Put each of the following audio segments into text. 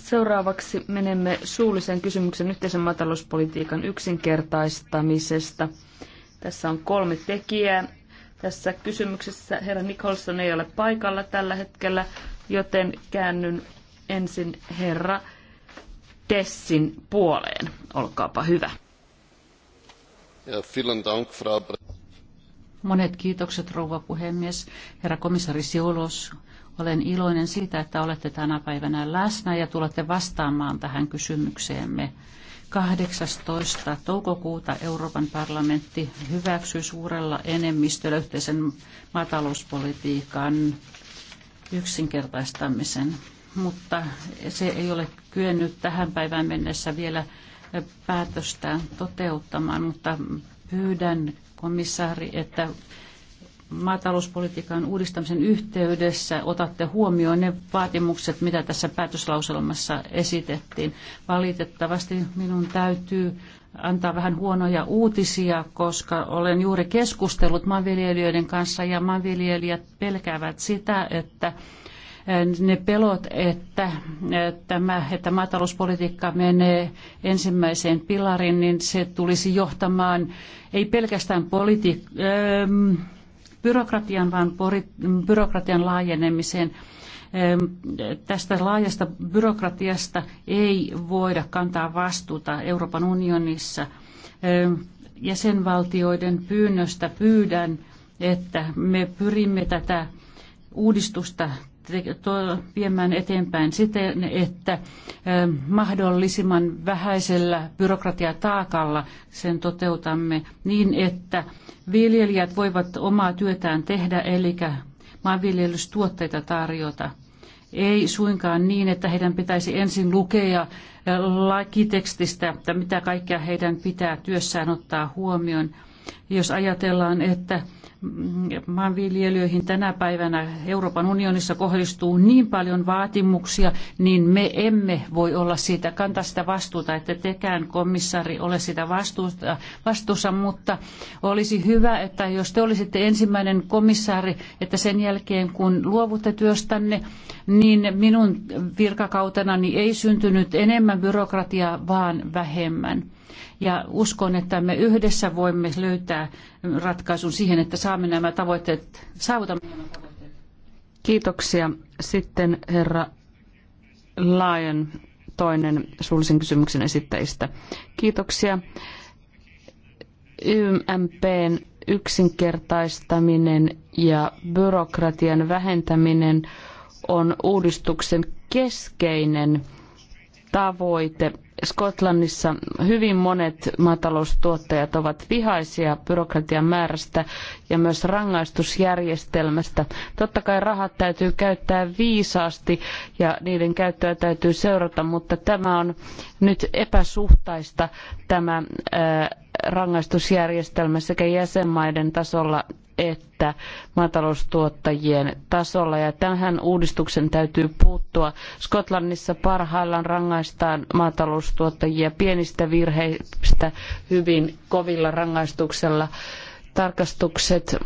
Seuraavaksi menemme suullisen kysymyksen yhteisen maatalouspolitiikan yksinkertaistamisesta. Tässä on kolme tekijää. Tässä kysymyksessä herra Nicholson ei ole paikalla tällä hetkellä, joten käännyn ensin herra Tessin puoleen. Olkaapa hyvä. Ja, vielen dank, Frau Monet kiitokset, rouva puhemies. Herra komissari Siolos, olen iloinen siitä, että olette tänä päivänä läsnä ja tulette vastaamaan tähän kysymykseemme. 18. toukokuuta Euroopan parlamentti hyväksyi suurella enemmistöllä yhteisen maatalouspolitiikan yksinkertaistamisen, mutta se ei ole kyennyt tähän päivään mennessä vielä päätöstään toteuttamaan, mutta pyydän komissaari, että maatalouspolitiikan uudistamisen yhteydessä otatte huomioon ne vaatimukset, mitä tässä päätöslauselmassa esitettiin. Valitettavasti minun täytyy antaa vähän huonoja uutisia, koska olen juuri keskustellut maanviljelijöiden kanssa ja maanviljelijät pelkäävät sitä, että ne pelot, että, tämä, että maatalouspolitiikka menee ensimmäiseen pilariin, niin se tulisi johtamaan ei pelkästään politi- öö, byrokratian, vaan byrokratian laajenemiseen. Tästä laajasta byrokratiasta ei voida kantaa vastuuta Euroopan unionissa. Jäsenvaltioiden pyynnöstä pyydän, että me pyrimme tätä uudistusta viemään eteenpäin siten, että mahdollisimman vähäisellä byrokratiataakalla sen toteutamme niin, että viljelijät voivat omaa työtään tehdä, eli maanviljelystuotteita tarjota. Ei suinkaan niin, että heidän pitäisi ensin lukea lakitekstistä, että mitä kaikkea heidän pitää työssään ottaa huomioon jos ajatellaan, että maanviljelijöihin tänä päivänä Euroopan unionissa kohdistuu niin paljon vaatimuksia, niin me emme voi olla siitä, kantaa sitä vastuuta, että tekään komissari ole sitä vastuuta, vastuussa, mutta olisi hyvä, että jos te olisitte ensimmäinen komissaari, että sen jälkeen kun luovutte työstänne, niin minun virkakautenani ei syntynyt enemmän byrokratiaa, vaan vähemmän ja uskon, että me yhdessä voimme löytää ratkaisun siihen, että saamme nämä tavoitteet, saavutamme nämä tavoitteet. Kiitoksia. Sitten herra Laajan toinen suullisen kysymyksen esittäjistä. Kiitoksia. YMPn yksinkertaistaminen ja byrokratian vähentäminen on uudistuksen keskeinen tavoite. Skotlannissa hyvin monet maataloustuottajat ovat vihaisia byrokratian määrästä ja myös rangaistusjärjestelmästä. Totta kai rahat täytyy käyttää viisaasti ja niiden käyttöä täytyy seurata, mutta tämä on nyt epäsuhtaista tämä rangaistusjärjestelmä sekä jäsenmaiden tasolla että maataloustuottajien tasolla. Ja tähän uudistuksen täytyy puuttua. Skotlannissa parhaillaan rangaistaan maataloustuottajia pienistä virheistä hyvin kovilla rangaistuksella. Tarkastukset,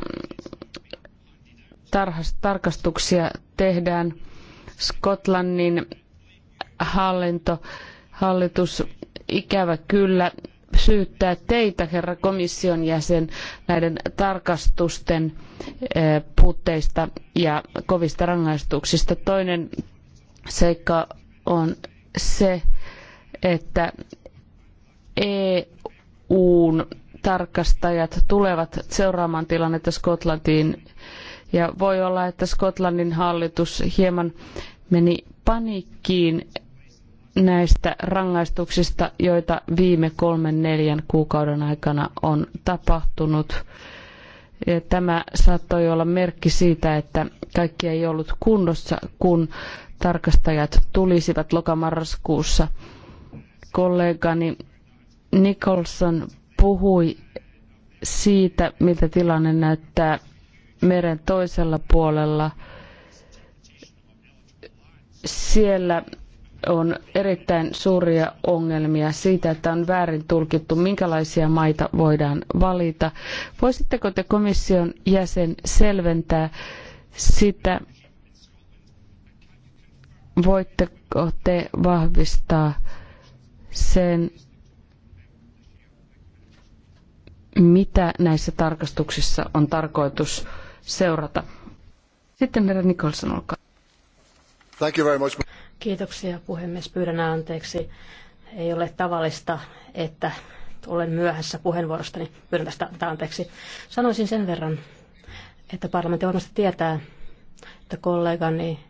tarhas, tarkastuksia tehdään. Skotlannin hallinto, hallitus ikävä kyllä syyttää teitä, herra komission jäsen, näiden tarkastusten eh, puutteista ja kovista rangaistuksista. Toinen seikka on se, että EUn tarkastajat tulevat seuraamaan tilannetta Skotlantiin ja voi olla, että Skotlannin hallitus hieman meni paniikkiin näistä rangaistuksista, joita viime kolmen neljän kuukauden aikana on tapahtunut. Ja tämä saattoi olla merkki siitä, että kaikki ei ollut kunnossa, kun tarkastajat tulisivat lokamarraskuussa. Kollegani Nicholson puhui siitä, miltä tilanne näyttää meren toisella puolella. Siellä on erittäin suuria ongelmia siitä, että on väärin tulkittu, minkälaisia maita voidaan valita. Voisitteko te komission jäsen selventää sitä, voitteko te vahvistaa sen, mitä näissä tarkastuksissa on tarkoitus seurata? Sitten herra Nicholson, olkaa. Thank you very much. Kiitoksia puhemies. Pyydän anteeksi. Ei ole tavallista, että olen myöhässä puheenvuorostani. Pyydän tästä anteeksi. Sanoisin sen verran, että parlamentti varmasti tietää, että kollegani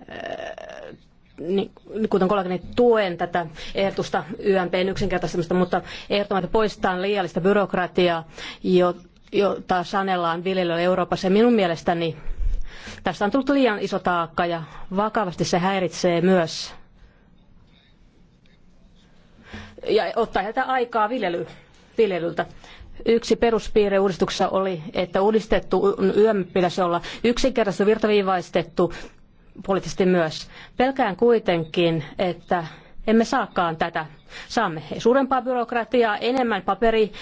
äh, niin, niin, kuten kollegani, tuen tätä ehdotusta YMPn yksinkertaistamista, mutta ehdottomasti poistetaan liiallista byrokratiaa, jota sanellaan viljelijöille Euroopassa. Ja minun mielestäni Tästä on tullut liian iso taakka ja vakavasti se häiritsee myös ja ottaa heiltä aikaa viljely, viljelyltä. Yksi peruspiirre uudistuksessa oli, että uudistettu YM pitäisi olla yksinkertaisesti virtaviivaistettu poliittisesti myös. Pelkään kuitenkin, että emme saakaan tätä. Saamme suurempaa byrokratiaa, enemmän paperi,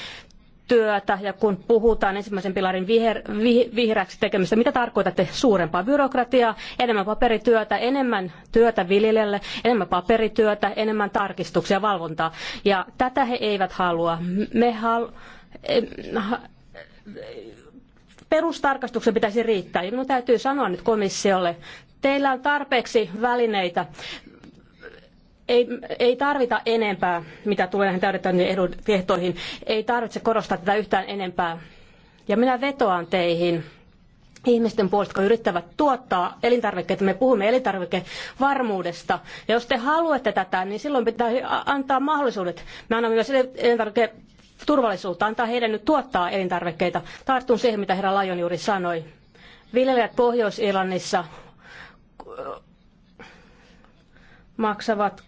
työtä ja kun puhutaan ensimmäisen pilarin viher, vi, vihreäksi tekemistä, mitä tarkoitatte? Suurempaa byrokratiaa, enemmän paperityötä, enemmän työtä viljelijälle, enemmän paperityötä, enemmän tarkistuksia ja valvontaa. Ja tätä he eivät halua. Me hal... Perustarkastuksen pitäisi riittää. Ja minun täytyy sanoa nyt komissiolle, teillä on tarpeeksi välineitä ei, ei tarvita enempää, mitä tulee näihin täydettäviin ehtoihin. Ei tarvitse korostaa tätä yhtään enempää. Ja minä vetoan teihin ihmisten puolesta, jotka yrittävät tuottaa elintarvikkeita. Me puhumme elintarvikevarmuudesta. Ja jos te haluatte tätä, niin silloin pitää antaa mahdollisuudet. Me annamme myös elintarvike turvallisuutta, antaa heidän nyt tuottaa elintarvikkeita. Tartun siihen, mitä herra Lajon juuri sanoi. Viljelijät Pohjois-Irlannissa maksavat,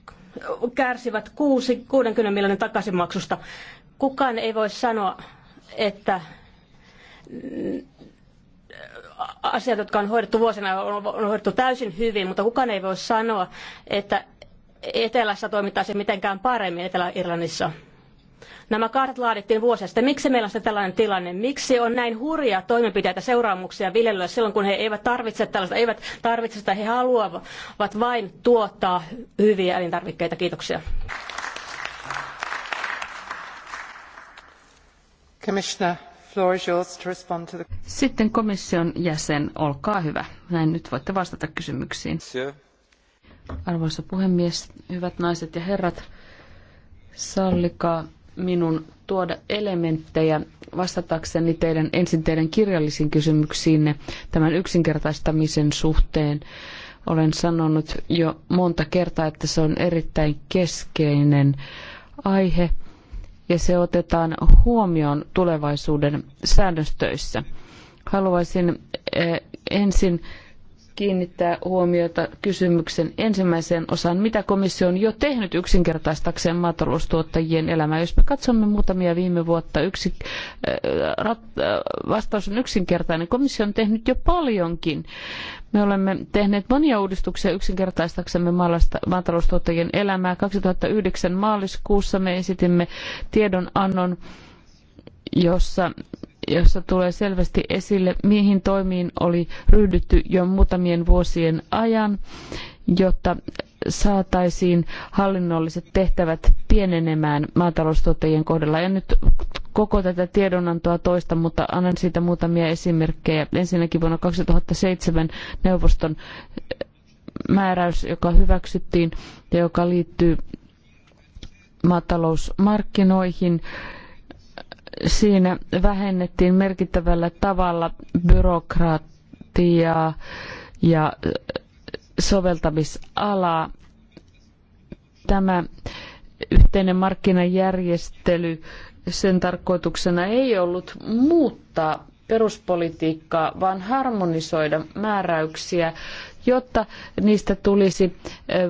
kärsivät 6, 60 miljoonan takaisinmaksusta. Kukaan ei voi sanoa, että asiat, jotka on hoidettu vuosina, on hoidettu täysin hyvin, mutta kukaan ei voi sanoa, että etelässä toimittaisiin mitenkään paremmin Etelä-Irlannissa. Nämä kartat laadittiin vuosia sitten. Miksi meillä on tällainen tilanne? Miksi on näin hurjia toimenpiteitä seuraamuksia viljelijöille silloin, kun he eivät tarvitse tällaista, eivät tarvitse sitä, he haluavat vain tuottaa hyviä elintarvikkeita. Kiitoksia. Sitten komission jäsen, olkaa hyvä. Näin nyt voitte vastata kysymyksiin. Arvoisa puhemies, hyvät naiset ja herrat, sallikaa minun tuoda elementtejä vastatakseni teidän, ensin teidän kirjallisiin kysymyksiinne tämän yksinkertaistamisen suhteen. Olen sanonut jo monta kertaa, että se on erittäin keskeinen aihe ja se otetaan huomioon tulevaisuuden säännöstöissä. Haluaisin eh, ensin kiinnittää huomiota kysymyksen ensimmäiseen osaan, mitä komissio on jo tehnyt yksinkertaistakseen maataloustuottajien elämää. Jos me katsomme muutamia viime vuotta, yksi, äh, rat, äh, vastaus on yksinkertainen. Komissio on tehnyt jo paljonkin. Me olemme tehneet monia uudistuksia yksinkertaistaksemme maataloustuottajien elämää. 2009 maaliskuussa me esitimme tiedonannon, jossa jossa tulee selvästi esille, mihin toimiin oli ryhdytty jo muutamien vuosien ajan, jotta saataisiin hallinnolliset tehtävät pienenemään maataloustuottajien kohdalla. En nyt koko tätä tiedonantoa toista, mutta annan siitä muutamia esimerkkejä. Ensinnäkin vuonna 2007 neuvoston määräys, joka hyväksyttiin ja joka liittyy maatalousmarkkinoihin, siinä vähennettiin merkittävällä tavalla byrokratiaa ja soveltamisalaa. Tämä yhteinen markkinajärjestely, sen tarkoituksena ei ollut muuttaa peruspolitiikkaa, vaan harmonisoida määräyksiä, jotta niistä tulisi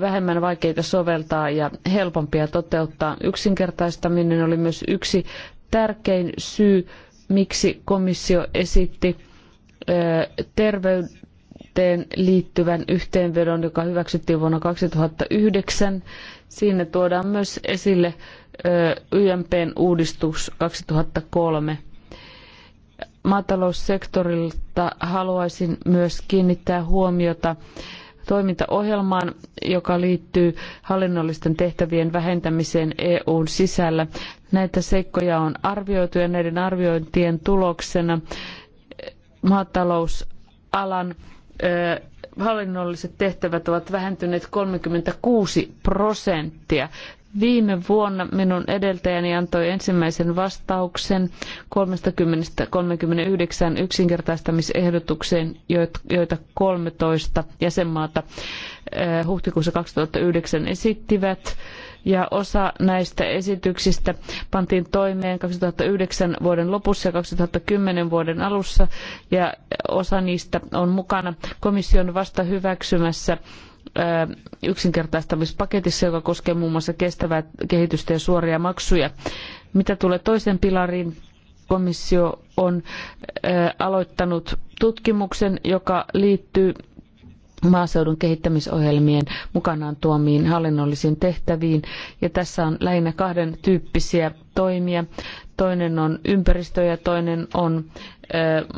vähemmän vaikeita soveltaa ja helpompia toteuttaa. Yksinkertaistaminen oli myös yksi tärkein syy, miksi komissio esitti terveyteen liittyvän yhteenvedon, joka hyväksyttiin vuonna 2009. Siinä tuodaan myös esille YMPn uudistus 2003. Maataloussektorilta haluaisin myös kiinnittää huomiota äh, toimintaohjelmaan, joka liittyy hallinnollisten tehtävien vähentämiseen EUn sisällä. Näitä seikkoja on arvioitu ja näiden arviointien tuloksena maatalousalan hallinnolliset tehtävät ovat vähentyneet 36 prosenttia. Viime vuonna minun edeltäjäni antoi ensimmäisen vastauksen 30-39 yksinkertaistamisehdotukseen, joita 13 jäsenmaata eh, huhtikuussa 2009 esittivät. Ja osa näistä esityksistä pantiin toimeen 2009 vuoden lopussa ja 2010 vuoden alussa, ja osa niistä on mukana komission vasta hyväksymässä yksinkertaistamispaketissa, joka koskee muun muassa kestävää kehitystä ja suoria maksuja. Mitä tulee toisen pilariin, komissio on aloittanut tutkimuksen, joka liittyy maaseudun kehittämisohjelmien mukanaan tuomiin hallinnollisiin tehtäviin. Ja tässä on lähinnä kahden tyyppisiä toimia. Toinen on ympäristö ja toinen on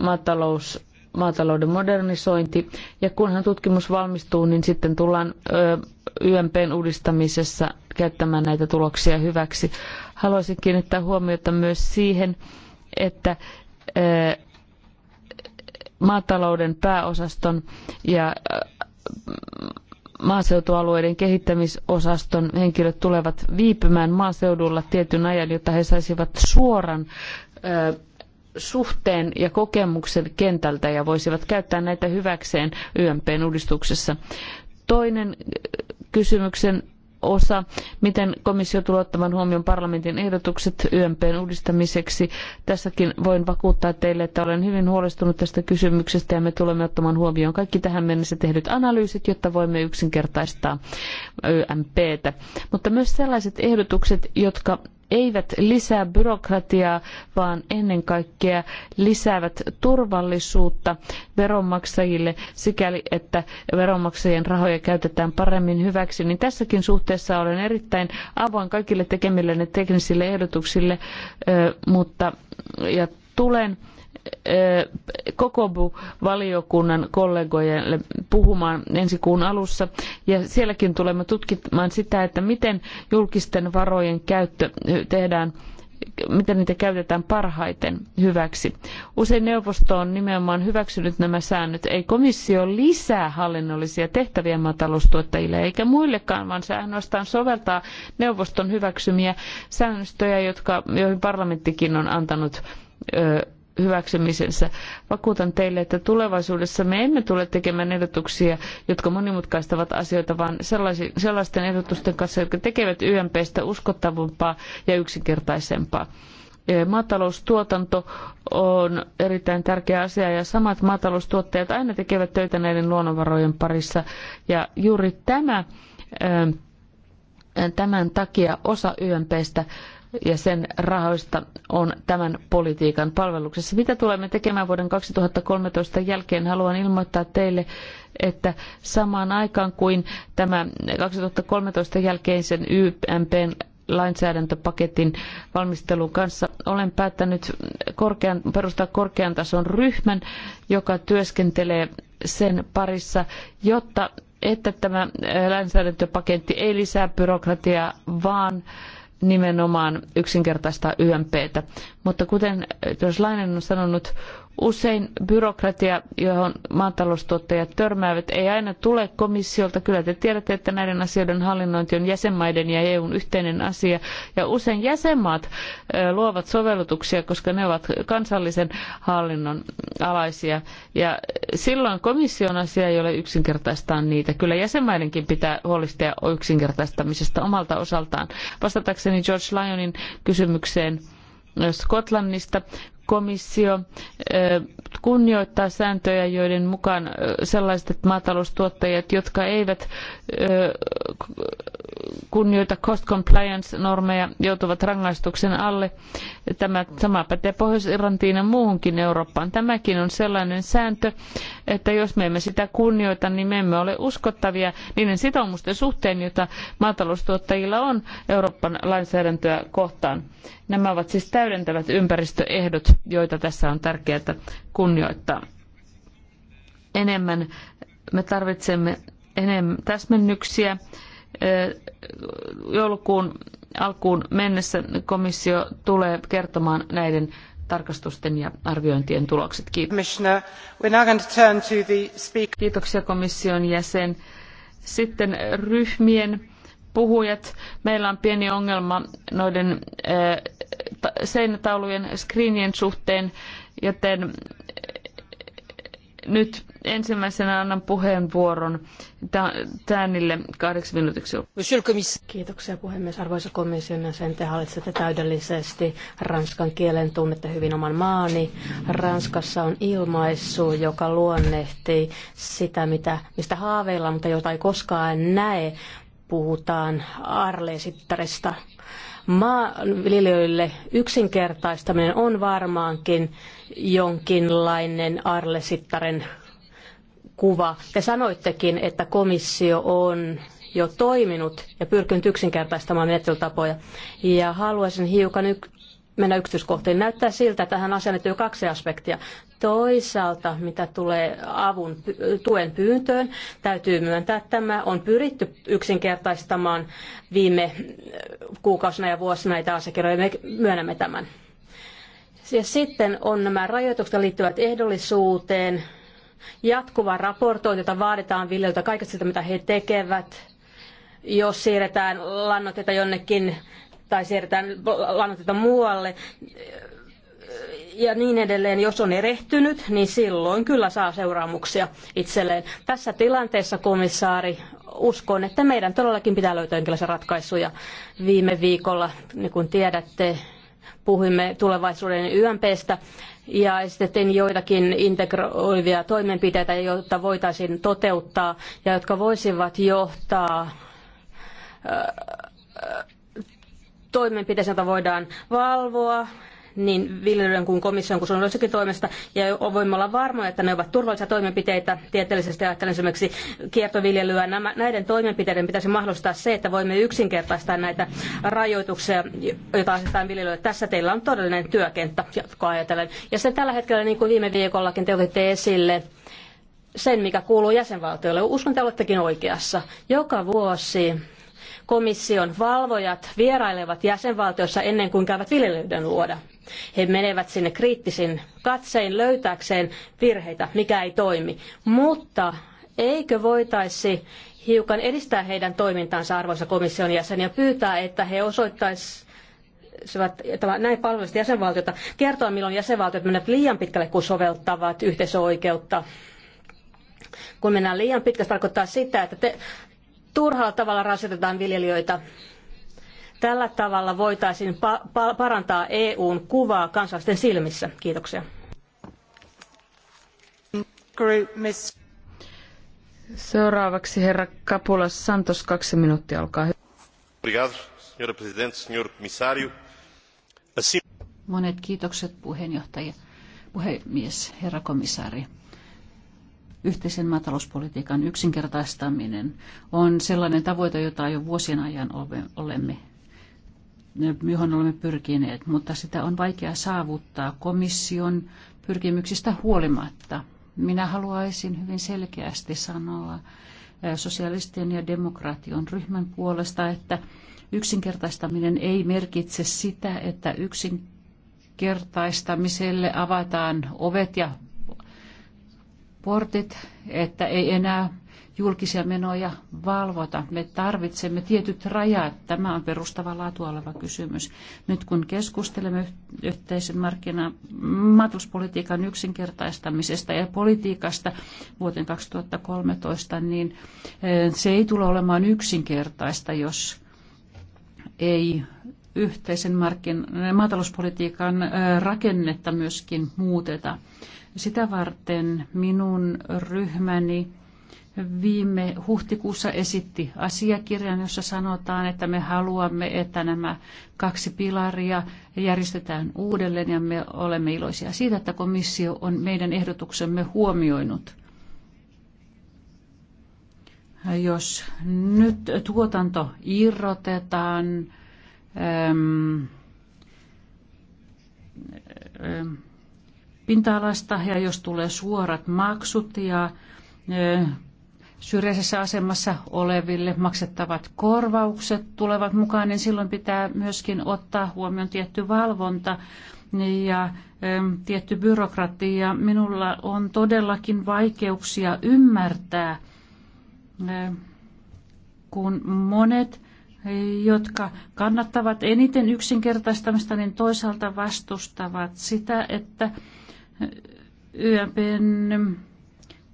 maatalous maatalouden modernisointi. Ja kunhan tutkimus valmistuu, niin sitten tullaan YMPn uudistamisessa käyttämään näitä tuloksia hyväksi. Haluaisin kiinnittää huomiota myös siihen, että maatalouden pääosaston ja maaseutualueiden kehittämisosaston henkilöt tulevat viipymään maaseudulla tietyn ajan, jotta he saisivat suoran suhteen ja kokemuksen kentältä ja voisivat käyttää näitä hyväkseen YMPn uudistuksessa. Toinen äh, kysymyksen osa, miten komissio tulee ottamaan huomioon parlamentin ehdotukset YMPn uudistamiseksi. Tässäkin voin vakuuttaa teille, että olen hyvin huolestunut tästä kysymyksestä ja me tulemme ottamaan huomioon kaikki tähän mennessä tehdyt analyysit, jotta voimme yksinkertaistaa YMPtä. Mutta myös sellaiset ehdotukset, jotka eivät lisää byrokratiaa, vaan ennen kaikkea lisäävät turvallisuutta veronmaksajille sikäli, että veronmaksajien rahoja käytetään paremmin hyväksi. Niin tässäkin suhteessa olen erittäin avoin kaikille tekemillenne teknisille ehdotuksille, mutta ja tulen koko valiokunnan kollegoille puhumaan ensi kuun alussa. Ja sielläkin tulemme tutkimaan sitä, että miten julkisten varojen käyttö tehdään miten niitä käytetään parhaiten hyväksi. Usein neuvosto on nimenomaan hyväksynyt nämä säännöt. Ei komissio lisää hallinnollisia tehtäviä maataloustuottajille eikä muillekaan, vaan se ainoastaan soveltaa neuvoston hyväksymiä säännöstöjä, jotka, joihin parlamenttikin on antanut ö, hyväksymisensä. Vakuutan teille, että tulevaisuudessa me emme tule tekemään ehdotuksia, jotka monimutkaistavat asioita, vaan sellaisten ehdotusten kanssa, jotka tekevät YMPstä uskottavampaa ja yksinkertaisempaa e, maataloustuotanto on erittäin tärkeä asia ja samat maataloustuottajat aina tekevät töitä näiden luonnonvarojen parissa. Ja juuri tämä, e, tämän takia osa YMPstä ja sen rahoista on tämän politiikan palveluksessa. Mitä tulemme tekemään vuoden 2013 jälkeen? Haluan ilmoittaa teille, että samaan aikaan kuin tämä 2013 jälkeisen YMPn lainsäädäntöpaketin valmistelun kanssa olen päättänyt korkean, perustaa korkean tason ryhmän, joka työskentelee sen parissa, jotta että tämä lainsäädäntöpaketti ei lisää byrokratiaa, vaan nimenomaan yksinkertaistaa YMPtä. Mutta kuten Jos Lainen on sanonut, Usein byrokratia, johon maataloustuottajat törmäävät, ei aina tule komissiolta. Kyllä te tiedätte, että näiden asioiden hallinnointi on jäsenmaiden ja EUn yhteinen asia. Ja usein jäsenmaat luovat sovellutuksia, koska ne ovat kansallisen hallinnon alaisia. Ja silloin komission asia ei ole yksinkertaistaa niitä. Kyllä jäsenmaidenkin pitää huolehtia yksinkertaistamisesta omalta osaltaan. Vastatakseni George Lyonin kysymykseen Skotlannista komissio eh, kunnioittaa sääntöjä, joiden mukaan eh, sellaiset maataloustuottajat, jotka eivät eh, kunnioita cost compliance-normeja, joutuvat rangaistuksen alle. Tämä sama pätee Pohjois-Irlantiin ja muuhunkin Eurooppaan. Tämäkin on sellainen sääntö, että jos me emme sitä kunnioita, niin me emme ole uskottavia niiden sitoumusten suhteen, joita maataloustuottajilla on Euroopan lainsäädäntöä kohtaan. Nämä ovat siis täydentävät ympäristöehdot joita tässä on tärkeää kunnioittaa. Enemmän me tarvitsemme enemmän täsmennyksiä. Joulukuun alkuun mennessä komissio tulee kertomaan näiden tarkastusten ja arviointien tulokset. Kiitos. Kiitoksia komission jäsen. Sitten ryhmien puhujat. Meillä on pieni ongelma noiden seinätaulujen screenien suhteen, joten nyt ensimmäisenä annan puheenvuoron tänille kahdeksi minuutiksi. Kiitoksia puhemies. Arvoisa komission jäsen, te hallitsette täydellisesti ranskan kielen, tunnette hyvin oman maani. Ranskassa on ilmaisu, joka luonnehtii sitä, mitä, mistä haaveillaan, mutta jota ei koskaan näe. Puhutaan arleesittarista maanviljelijöille yksinkertaistaminen on varmaankin jonkinlainen arlesittaren kuva. Te sanoittekin, että komissio on jo toiminut ja pyrkinyt yksinkertaistamaan menettelytapoja. Ja haluaisin hiukan mennä yksityiskohtiin. Näyttää siltä, että tähän asiaan liittyy kaksi aspektia. Toisaalta, mitä tulee avun tuen pyyntöön, täytyy myöntää, että tämä on pyritty yksinkertaistamaan viime äh, kuukausina ja vuosina näitä asiakirjoja. Me myönnämme tämän. Ja sitten on nämä rajoitukset liittyvät ehdollisuuteen, jatkuva raportointi, jota vaaditaan viljelijöiltä kaikesta sitä, mitä he tekevät, jos siirretään lannoitteita jonnekin tai siirretään lannoitetta muualle ja niin edelleen, jos on erehtynyt, niin silloin kyllä saa seuraamuksia itselleen. Tässä tilanteessa, komissaari, uskon, että meidän todellakin pitää löytää jonkinlaisia ratkaisuja. Viime viikolla, niin kuin tiedätte, puhuimme tulevaisuuden YMPstä ja esitettiin joitakin integroivia toimenpiteitä, joita voitaisiin toteuttaa ja jotka voisivat johtaa äh, toimenpiteitä, joita voidaan valvoa, niin viljelijöiden kuin komission kuin suunnilleen toimesta, ja voimme olla varmoja, että ne ovat turvallisia toimenpiteitä tieteellisesti ajattelen esimerkiksi kiertoviljelyä. Nämä, näiden toimenpiteiden pitäisi mahdollistaa se, että voimme yksinkertaistaa näitä rajoituksia, joita asetetaan viljelijöille. Tässä teillä on todellinen työkenttä jatkoa ajatellen. Ja sitten tällä hetkellä, niin kuin viime viikollakin te otitte esille, sen, mikä kuuluu jäsenvaltioille. Uskon, te olettekin oikeassa. Joka vuosi komission valvojat vierailevat jäsenvaltioissa ennen kuin käyvät viljelijöiden luoda. He menevät sinne kriittisin katsein löytääkseen virheitä, mikä ei toimi. Mutta eikö voitaisi hiukan edistää heidän toimintaansa arvoisa komission jäsen ja pyytää, että he osoittaisivat että näin palvelisivat jäsenvaltiota, kertoa milloin jäsenvaltiot menevät liian pitkälle, kun soveltavat yhteisöoikeutta. Kun mennään liian pitkälle, se tarkoittaa sitä, että te, turhalla tavalla rasitetaan viljelijöitä. Tällä tavalla voitaisiin pa- pa- parantaa EUn kuvaa kansalaisten silmissä. Kiitoksia. Seuraavaksi herra Kapulas Santos, kaksi minuuttia, olkaa hyvä. Monet kiitokset puheenjohtaja, puhemies, herra komissaari. Yhteisen maatalouspolitiikan yksinkertaistaminen on sellainen tavoite, jota jo vuosien ajan olemme johon olemme pyrkineet, mutta sitä on vaikea saavuttaa komission pyrkimyksistä huolimatta. Minä haluaisin hyvin selkeästi sanoa sosialistien ja demokraation ryhmän puolesta, että yksinkertaistaminen ei merkitse sitä, että yksinkertaistamiselle avataan ovet ja portit, että ei enää julkisia menoja valvota. Me tarvitsemme tietyt rajat. Tämä on perustava laatua oleva kysymys. Nyt kun keskustelemme yhteisen markkina- maatalouspolitiikan yksinkertaistamisesta ja politiikasta vuoteen 2013, niin eh, se ei tule olemaan yksinkertaista, jos ei yhteisen markkin, maatalouspolitiikan eh, rakennetta myöskin muuteta. Sitä varten minun ryhmäni viime huhtikuussa esitti asiakirjan, jossa sanotaan, että me haluamme, että nämä kaksi pilaria järjestetään uudelleen ja me olemme iloisia siitä, että komissio on meidän ehdotuksemme huomioinut. Jos nyt tuotanto irrotetaan, ähm, ähm, pinta-alasta ja jos tulee suorat maksut ja e, syrjäisessä asemassa oleville maksettavat korvaukset tulevat mukaan, niin silloin pitää myöskin ottaa huomioon tietty valvonta ja e, tietty byrokratia. Minulla on todellakin vaikeuksia ymmärtää, e, kun monet jotka kannattavat eniten yksinkertaistamista, niin toisaalta vastustavat sitä, että YMPn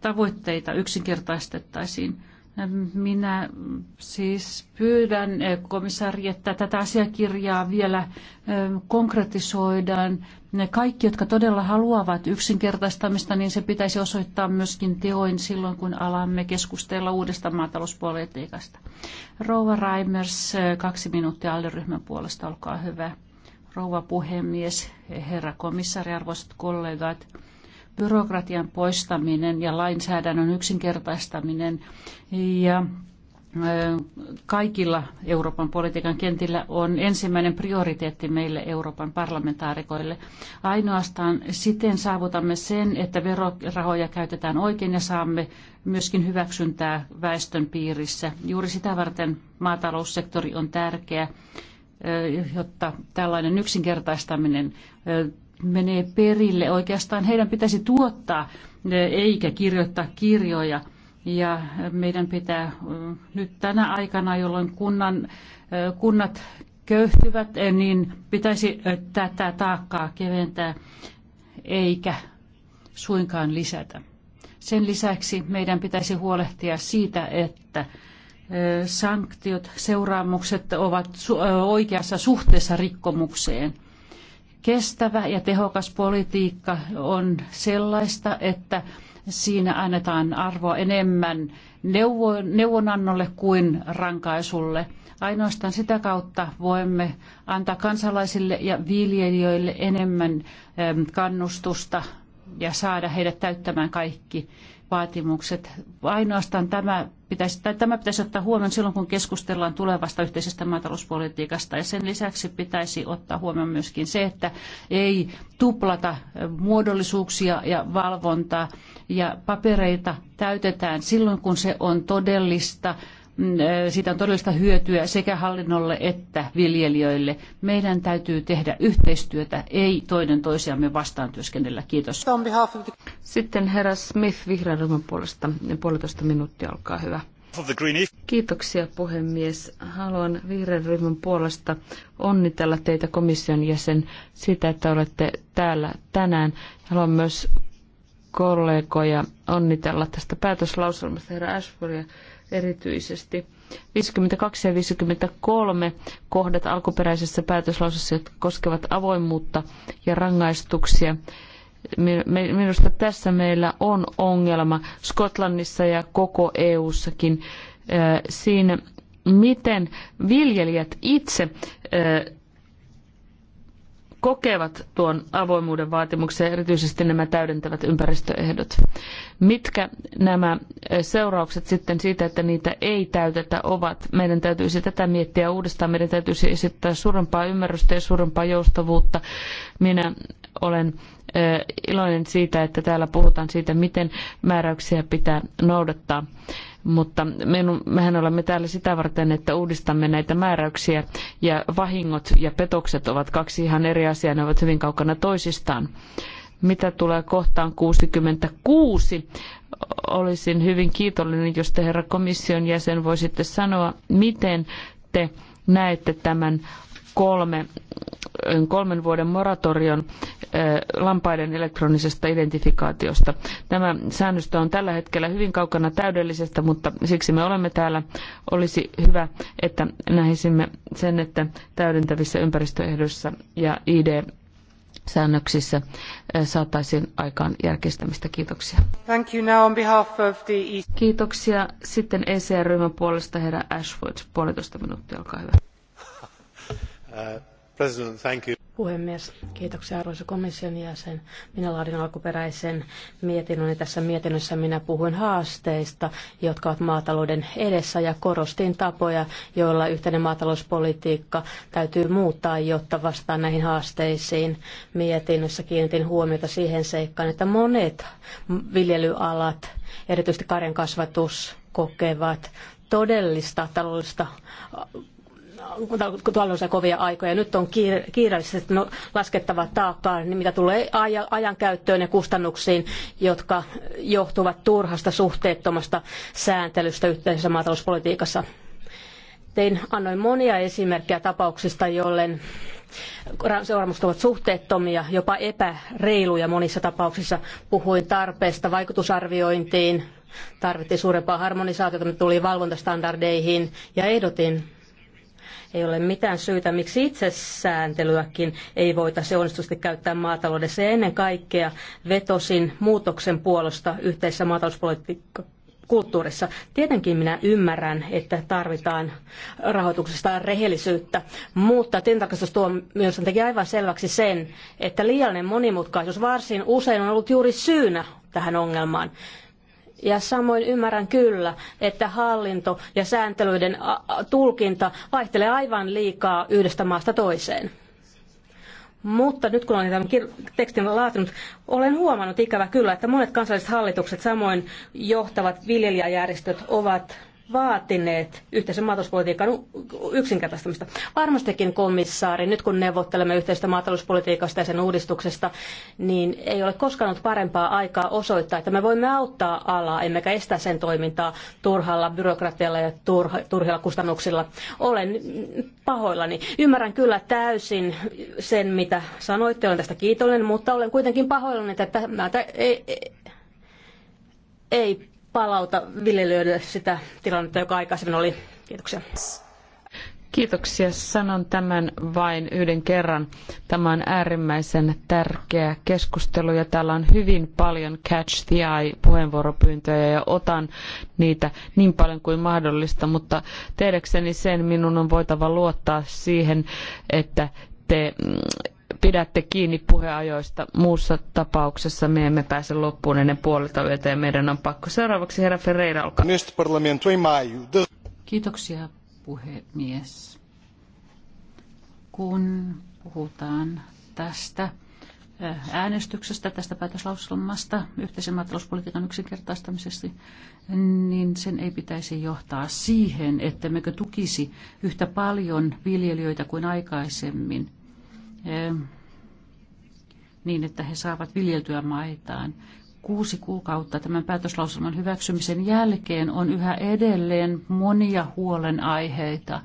tavoitteita yksinkertaistettaisiin. Ähm, minä mm, siis pyydän äh, komissaari, että tätä asiakirjaa vielä ähm, konkretisoidaan. Ne kaikki, jotka todella haluavat yksinkertaistamista, niin se pitäisi osoittaa myöskin teoin silloin, kun alamme keskustella uudesta maatalouspolitiikasta. Rouva Raimers, äh, kaksi minuuttia alleryhmän puolesta, olkaa hyvä. Rouva puhemies, herra komissaari, arvoisat kollegat byrokratian poistaminen ja lainsäädännön yksinkertaistaminen ja kaikilla Euroopan politiikan kentillä on ensimmäinen prioriteetti meille Euroopan parlamentaarikoille. Ainoastaan siten saavutamme sen, että verorahoja käytetään oikein ja saamme myöskin hyväksyntää väestön piirissä. Juuri sitä varten maataloussektori on tärkeä, jotta tällainen yksinkertaistaminen menee perille. Oikeastaan heidän pitäisi tuottaa eikä kirjoittaa kirjoja. Ja meidän pitää nyt tänä aikana, jolloin kunnan, kunnat köyhtyvät, niin pitäisi tätä taakkaa keventää eikä suinkaan lisätä. Sen lisäksi meidän pitäisi huolehtia siitä, että sanktiot, seuraamukset ovat oikeassa suhteessa rikkomukseen – Kestävä ja tehokas politiikka on sellaista, että siinä annetaan arvoa enemmän neuvonannolle kuin rankaisulle. Ainoastaan sitä kautta voimme antaa kansalaisille ja viljelijöille enemmän kannustusta ja saada heidät täyttämään kaikki vaatimukset. Ainoastaan tämä pitäisi, tai tämä pitäisi ottaa huomioon silloin, kun keskustellaan tulevasta yhteisestä maatalouspolitiikasta. Ja sen lisäksi pitäisi ottaa huomioon myöskin se, että ei tuplata muodollisuuksia ja valvontaa. Ja papereita täytetään silloin, kun se on todellista Mm, siitä on todellista hyötyä sekä hallinnolle että viljelijöille. Meidän täytyy tehdä yhteistyötä, ei toinen toisiamme vastaan työskennellä. Kiitos. Sitten herra Smith vihreän ryhmän puolesta. Puolitoista minuuttia, olkaa hyvä. Kiitoksia puhemies. Haluan vihreän ryhmän puolesta onnitella teitä komission jäsen siitä, että olette täällä tänään. Haluan myös kollegoja onnitella tästä päätöslauselmasta herra Ashfordia erityisesti. 52 ja 53 kohdat alkuperäisessä päätöslausessa, jotka koskevat avoimuutta ja rangaistuksia. Minusta tässä meillä on ongelma Skotlannissa ja koko EU-ssakin siinä, miten viljelijät itse kokevat tuon avoimuuden vaatimuksen, erityisesti nämä täydentävät ympäristöehdot. Mitkä nämä e, seuraukset sitten siitä, että niitä ei täytetä ovat? Meidän täytyisi tätä miettiä uudestaan, meidän täytyisi esittää suurempaa ymmärrystä ja suurempaa joustavuutta. Minä olen iloinen siitä, että täällä puhutaan siitä, miten määräyksiä pitää noudattaa. Mutta mehän olemme täällä sitä varten, että uudistamme näitä määräyksiä ja vahingot ja petokset ovat kaksi ihan eri asiaa, ne ovat hyvin kaukana toisistaan. Mitä tulee kohtaan 66, olisin hyvin kiitollinen, jos te herra komission jäsen voisitte sanoa, miten te näette tämän kolme, kolmen vuoden moratorion eh, lampaiden elektronisesta identifikaatiosta. Tämä säännöstö on tällä hetkellä hyvin kaukana täydellisestä, mutta siksi me olemme täällä. Olisi hyvä, että nähisimme sen, että täydentävissä ympäristöehdoissa ja ID säännöksissä eh, saataisiin aikaan järkeistämistä. Kiitoksia. Thank you now on behalf of the... E Kiitoksia. Sitten ECR-ryhmän puolesta herra Ashford, puolitoista minuuttia, olkaa hyvä. Uh, Puhemies, kiitoksia arvoisa komission jäsen. Minä laadin alkuperäisen mietinnön ja tässä mietinnössä minä puhuin haasteista, jotka ovat maatalouden edessä ja korostin tapoja, joilla yhteinen maatalouspolitiikka täytyy muuttaa, jotta vastaan näihin haasteisiin. Mietinnössä kiinnitin huomiota siihen seikkaan, että monet viljelyalat, erityisesti karjankasvatus, kokevat todellista taloudellista taloudellisia kovia aikoja. Nyt on kiireellisesti no, laskettava taakkaa, niin mitä tulee ajankäyttöön ja kustannuksiin, jotka johtuvat turhasta suhteettomasta sääntelystä yhteisessä maatalouspolitiikassa. Tein, annoin monia esimerkkejä tapauksista, jollen seuraamukset ovat suhteettomia, jopa epäreiluja monissa tapauksissa. Puhuin tarpeesta vaikutusarviointiin, tarvittiin suurempaa harmonisaatiota, tuli valvontastandardeihin ja ehdotin ei ole mitään syytä, miksi itsesääntelyäkin ei voitaisi onnistusti käyttää maataloudessa. Ja ennen kaikkea vetosin muutoksen puolesta yhteisessä maatalouspolitiikka kulttuurissa. Tietenkin minä ymmärrän, että tarvitaan rahoituksesta rehellisyyttä, mutta tilintarkastustuomioistuin teki aivan selväksi sen, että liiallinen monimutkaisuus varsin usein on ollut juuri syynä tähän ongelmaan. Ja samoin ymmärrän kyllä, että hallinto ja sääntelyiden tulkinta vaihtelee aivan liikaa yhdestä maasta toiseen. Mutta nyt kun olen tämän tekstin laatinut, olen huomannut ikävä kyllä, että monet kansalliset hallitukset, samoin johtavat viljelijäjärjestöt ovat vaatineet yhteisen maatalouspolitiikan yksinkertaistamista. Varmastikin komissaari, nyt kun neuvottelemme yhteisestä maatalouspolitiikasta ja sen uudistuksesta, niin ei ole koskaan ollut parempaa aikaa osoittaa, että me voimme auttaa alaa, emmekä estää sen toimintaa turhalla byrokratialla ja turha, turhilla kustannuksilla. Olen pahoillani. Ymmärrän kyllä täysin sen, mitä sanoitte, olen tästä kiitollinen, mutta olen kuitenkin pahoillani, että tämä ei, ei, ei palauta viljelijöille sitä tilannetta, joka aikaisemmin oli. Kiitoksia. Kiitoksia. Sanon tämän vain yhden kerran. Tämä on äärimmäisen tärkeä keskustelu ja täällä on hyvin paljon catch the eye puheenvuoropyyntöjä ja otan niitä niin paljon kuin mahdollista, mutta tehdäkseni sen minun on voitava luottaa siihen, että te mm, pidätte kiinni puheajoista. Muussa tapauksessa me emme pääse loppuun ennen puolelta yötä ja meidän on pakko. Seuraavaksi herra Ferreira, olkaa. Kiitoksia puhemies. Kun puhutaan tästä äh, äänestyksestä, tästä päätöslauselmasta, yhteisen maatalouspolitiikan yksinkertaistamisesta, niin sen ei pitäisi johtaa siihen, että mekö tukisi yhtä paljon viljelijöitä kuin aikaisemmin niin, että he saavat viljeltyä maitaan. Kuusi kuukautta tämän päätöslauselman hyväksymisen jälkeen on yhä edelleen monia huolenaiheita.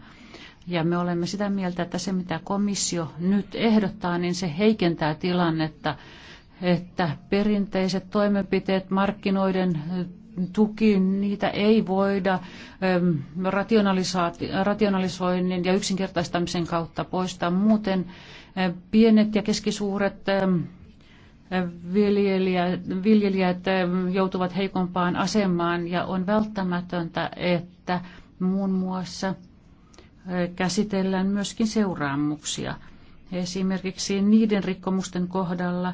Ja me olemme sitä mieltä, että se mitä komissio nyt ehdottaa, niin se heikentää tilannetta, että perinteiset toimenpiteet markkinoiden tuki, niitä ei voida rationalisoinnin ja yksinkertaistamisen kautta poistaa. Muuten Pienet ja keskisuuret viljelijät, viljelijät joutuvat heikompaan asemaan ja on välttämätöntä, että muun muassa käsitellään myöskin seuraamuksia. Esimerkiksi niiden rikkomusten kohdalla,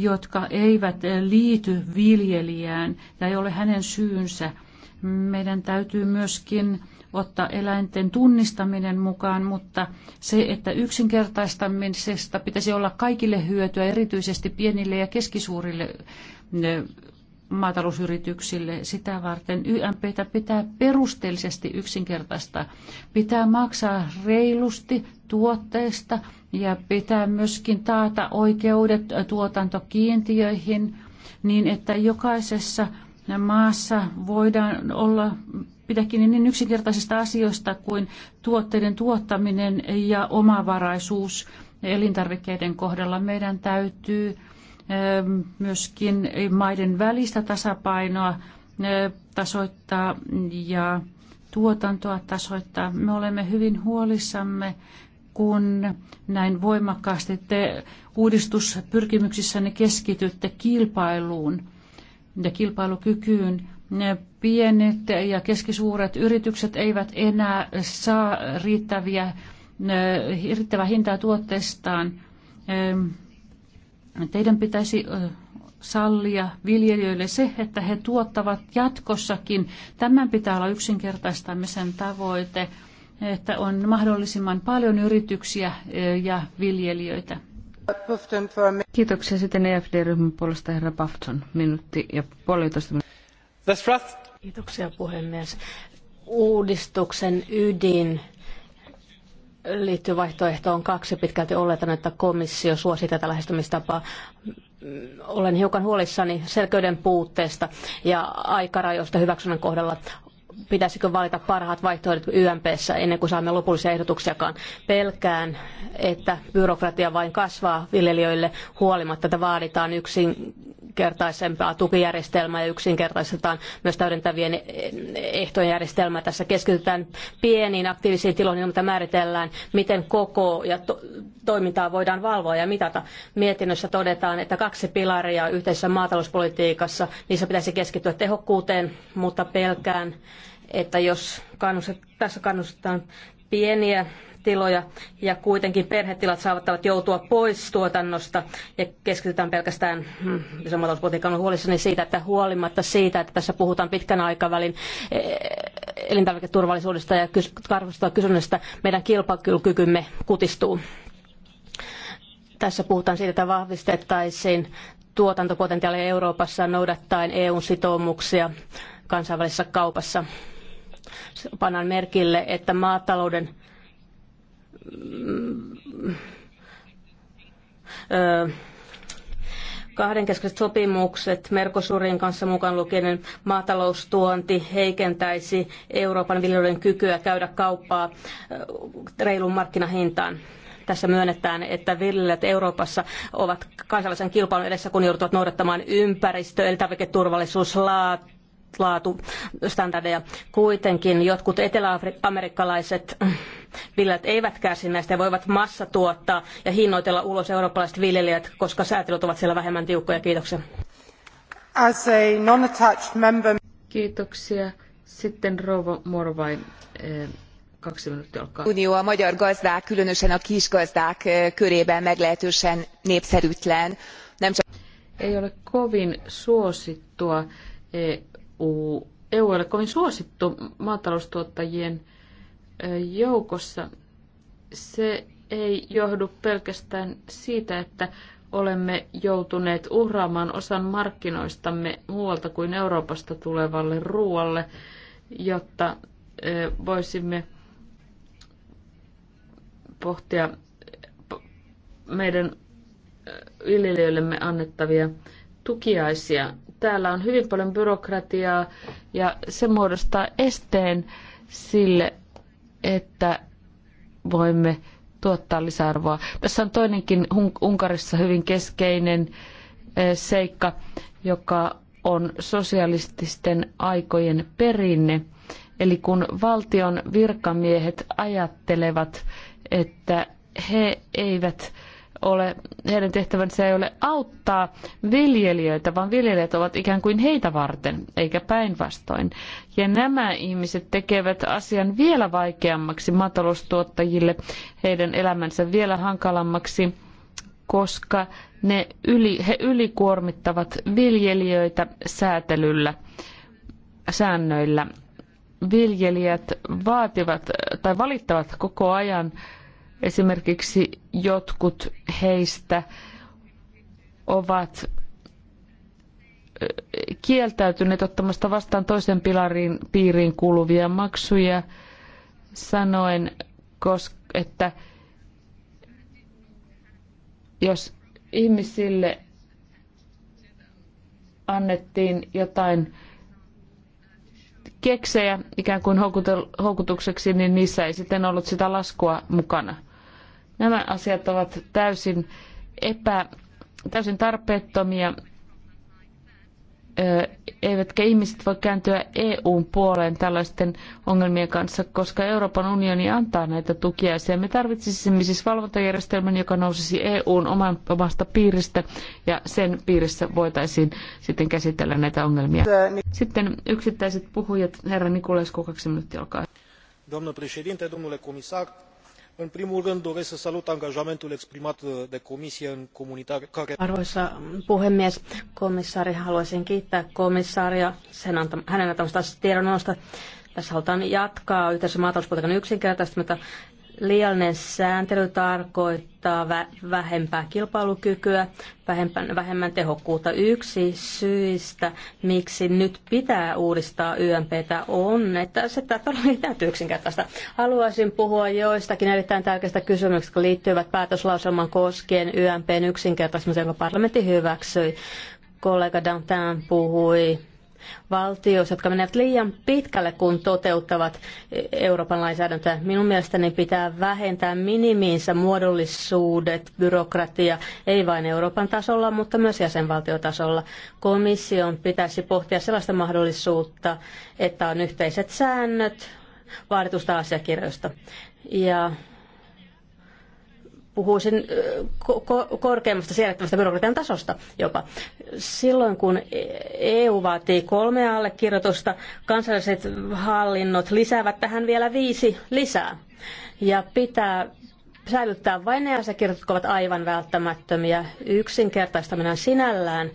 jotka eivät liity viljelijään tai ole hänen syynsä – meidän täytyy myöskin ottaa eläinten tunnistaminen mukaan, mutta se, että yksinkertaistamisesta pitäisi olla kaikille hyötyä, erityisesti pienille ja keskisuurille maatalousyrityksille. Sitä varten YMPtä pitää perusteellisesti yksinkertaista. Pitää maksaa reilusti tuotteista ja pitää myöskin taata oikeudet tuotantokiintiöihin niin, että jokaisessa maassa voidaan olla pitäkin niin yksinkertaisista asioista kuin tuotteiden tuottaminen ja omavaraisuus elintarvikkeiden kohdalla. Meidän täytyy eh, myöskin maiden välistä tasapainoa eh, tasoittaa ja tuotantoa tasoittaa. Me olemme hyvin huolissamme, kun näin voimakkaasti te uudistuspyrkimyksissänne keskitytte kilpailuun ja kilpailukykyyn. ne Pienet ja keskisuuret yritykset eivät enää saa riittäviä, riittävää hintaa tuotteistaan. Teidän pitäisi sallia viljelijöille se, että he tuottavat jatkossakin. Tämän pitää olla yksinkertaistamisen tavoite, että on mahdollisimman paljon yrityksiä ja viljelijöitä. Kiitoksia sitten EFD-ryhmän puolesta herra Minuutti ja puolitoista minuuttia. Kiitoksia puhemies. Uudistuksen ydin liittyy vaihtoehtoon kaksi pitkälti oletan, että komissio suosii tätä lähestymistapaa. Olen hiukan huolissani selkeyden puutteesta ja aikarajoista hyväksynnän kohdalla pitäisikö valita parhaat vaihtoehdot YMPssä ennen kuin saamme lopullisia ehdotuksiakaan. Pelkään, että byrokratia vain kasvaa viljelijöille huolimatta, että vaaditaan yksin yksinkertaisempaa tukijärjestelmää ja yksinkertaistetaan myös täydentävien ehtojen järjestelmää. Tässä keskitytään pieniin aktiivisiin tiloihin, mutta määritellään, miten koko ja to- toimintaa voidaan valvoa ja mitata. Mietinnössä todetaan, että kaksi pilaria yhteisessä maatalouspolitiikassa, niissä pitäisi keskittyä tehokkuuteen, mutta pelkään, että jos kannustet, tässä kannustetaan pieniä tiloja ja kuitenkin perhetilat saavat joutua pois tuotannosta ja keskitytään pelkästään mm, maatalouspolitiikkaan. on huolissani siitä, että huolimatta siitä, että tässä puhutaan pitkän aikavälin eh, elintarviketurvallisuudesta ja karvasta kysynnästä, meidän kilpailukykymme kutistuu. Tässä puhutaan siitä, että vahvistettaisiin tuotantopotentiaalia Euroopassa noudattaen EUn sitoumuksia kansainvälisessä kaupassa. Pannaan merkille, että maatalouden kahdenkeskiset sopimukset Mercosurin kanssa mukaan lukien maataloustuonti heikentäisi Euroopan viljelijöiden kykyä käydä kauppaa reilun markkinahintaan. Tässä myönnetään, että viljelijät Euroopassa ovat kansallisen kilpailun edessä, kun joutuvat noudattamaan ympäristö, eli laatu, laatustandardeja. Kuitenkin jotkut eteläamerikkalaiset viljelijät eivät kärsi näistä ja voivat massatuottaa ja hinnoitella ulos eurooppalaiset viljelijät, koska säätelyt ovat siellä vähemmän tiukkoja. Kiitoksia. As a non-attached member... Kiitoksia. Sitten Rouva Morvai, eh, Unió a magyar gazdák, különösen a kisgazdák eh, körében meglehetősen népszerűtlen. Nem csak... Ei ole kovin suosittua eh, EU, EU ei ole kovin suosittu maataloustuottajien joukossa. Se ei johdu pelkästään siitä, että olemme joutuneet uhraamaan osan markkinoistamme muualta kuin Euroopasta tulevalle ruoalle, jotta voisimme pohtia meidän viljelijöillemme annettavia tukiaisia. Täällä on hyvin paljon byrokratiaa ja se muodostaa esteen sille, että voimme tuottaa lisäarvoa. Tässä on toinenkin Unkarissa hyvin keskeinen eh, seikka, joka on sosialististen aikojen perinne. Eli kun valtion virkamiehet ajattelevat, että he eivät ole, heidän tehtävänsä ei ole auttaa viljelijöitä, vaan viljelijät ovat ikään kuin heitä varten, eikä päinvastoin. Ja nämä ihmiset tekevät asian vielä vaikeammaksi maataloustuottajille, heidän elämänsä vielä hankalammaksi, koska ne yli, he ylikuormittavat viljelijöitä säätelyllä, säännöillä. Viljelijät vaativat tai valittavat koko ajan Esimerkiksi jotkut heistä ovat kieltäytyneet ottamasta vastaan toisen pilarin piiriin kuuluvia maksuja sanoen, että jos ihmisille annettiin jotain keksejä ikään kuin houkutukseksi, niin niissä ei sitten ollut sitä laskua mukana. Nämä asiat ovat täysin, epä, täysin tarpeettomia, eivätkä ihmiset voi kääntyä EUn puoleen tällaisten ongelmien kanssa, koska Euroopan unioni antaa näitä tukiaisia. Me tarvitsisimme siis valvontajärjestelmän, joka nousisi EUn oman, omasta piiristä, ja sen piirissä voitaisiin sitten käsitellä näitä ongelmia. Sitten yksittäiset puhujat, herra Nikulescu, kaksi minuuttia, olkaa. Domnul președinte, domnule comisar, în primul rând doresc să salut angajamentul exprimat uh, de comisie în comunicare. Arvoisa mm, puhemies, komissaari, haluaisin kiittää komissaaria sen anta, hänen antamasta tiedonannosta. Tässä halutaan jatkaa yhteisen maatalouspolitiikan yksinkertaistamista Liiallinen sääntely tarkoittaa vähempää kilpailukykyä, vähemmän, vähemmän tehokkuutta. Yksi syistä, miksi nyt pitää uudistaa YMPtä on, että se todellakin täytyy yksinkertaista. Haluaisin puhua joistakin erittäin tärkeistä kysymyksistä, jotka liittyvät päätöslauselman koskien YMPn yksinkertaistamisen, jonka parlamentti hyväksyi. Kollega Dantin puhui valtioissa, jotka menevät liian pitkälle, kun toteuttavat Euroopan lainsäädäntöä. Minun mielestäni pitää vähentää minimiinsä muodollisuudet, byrokratia, ei vain Euroopan tasolla, mutta myös jäsenvaltiotasolla. Komission pitäisi pohtia sellaista mahdollisuutta, että on yhteiset säännöt vaaditusta asiakirjoista. Ja puhuisin ko- korkeammasta siedettävästä byrokratian tasosta jopa. Silloin kun EU vaatii kolme allekirjoitusta, kansalliset hallinnot lisäävät tähän vielä viisi lisää. Ja pitää säilyttää vain ne asiakirjat, jotka ovat aivan välttämättömiä. Yksinkertaistaminen sinällään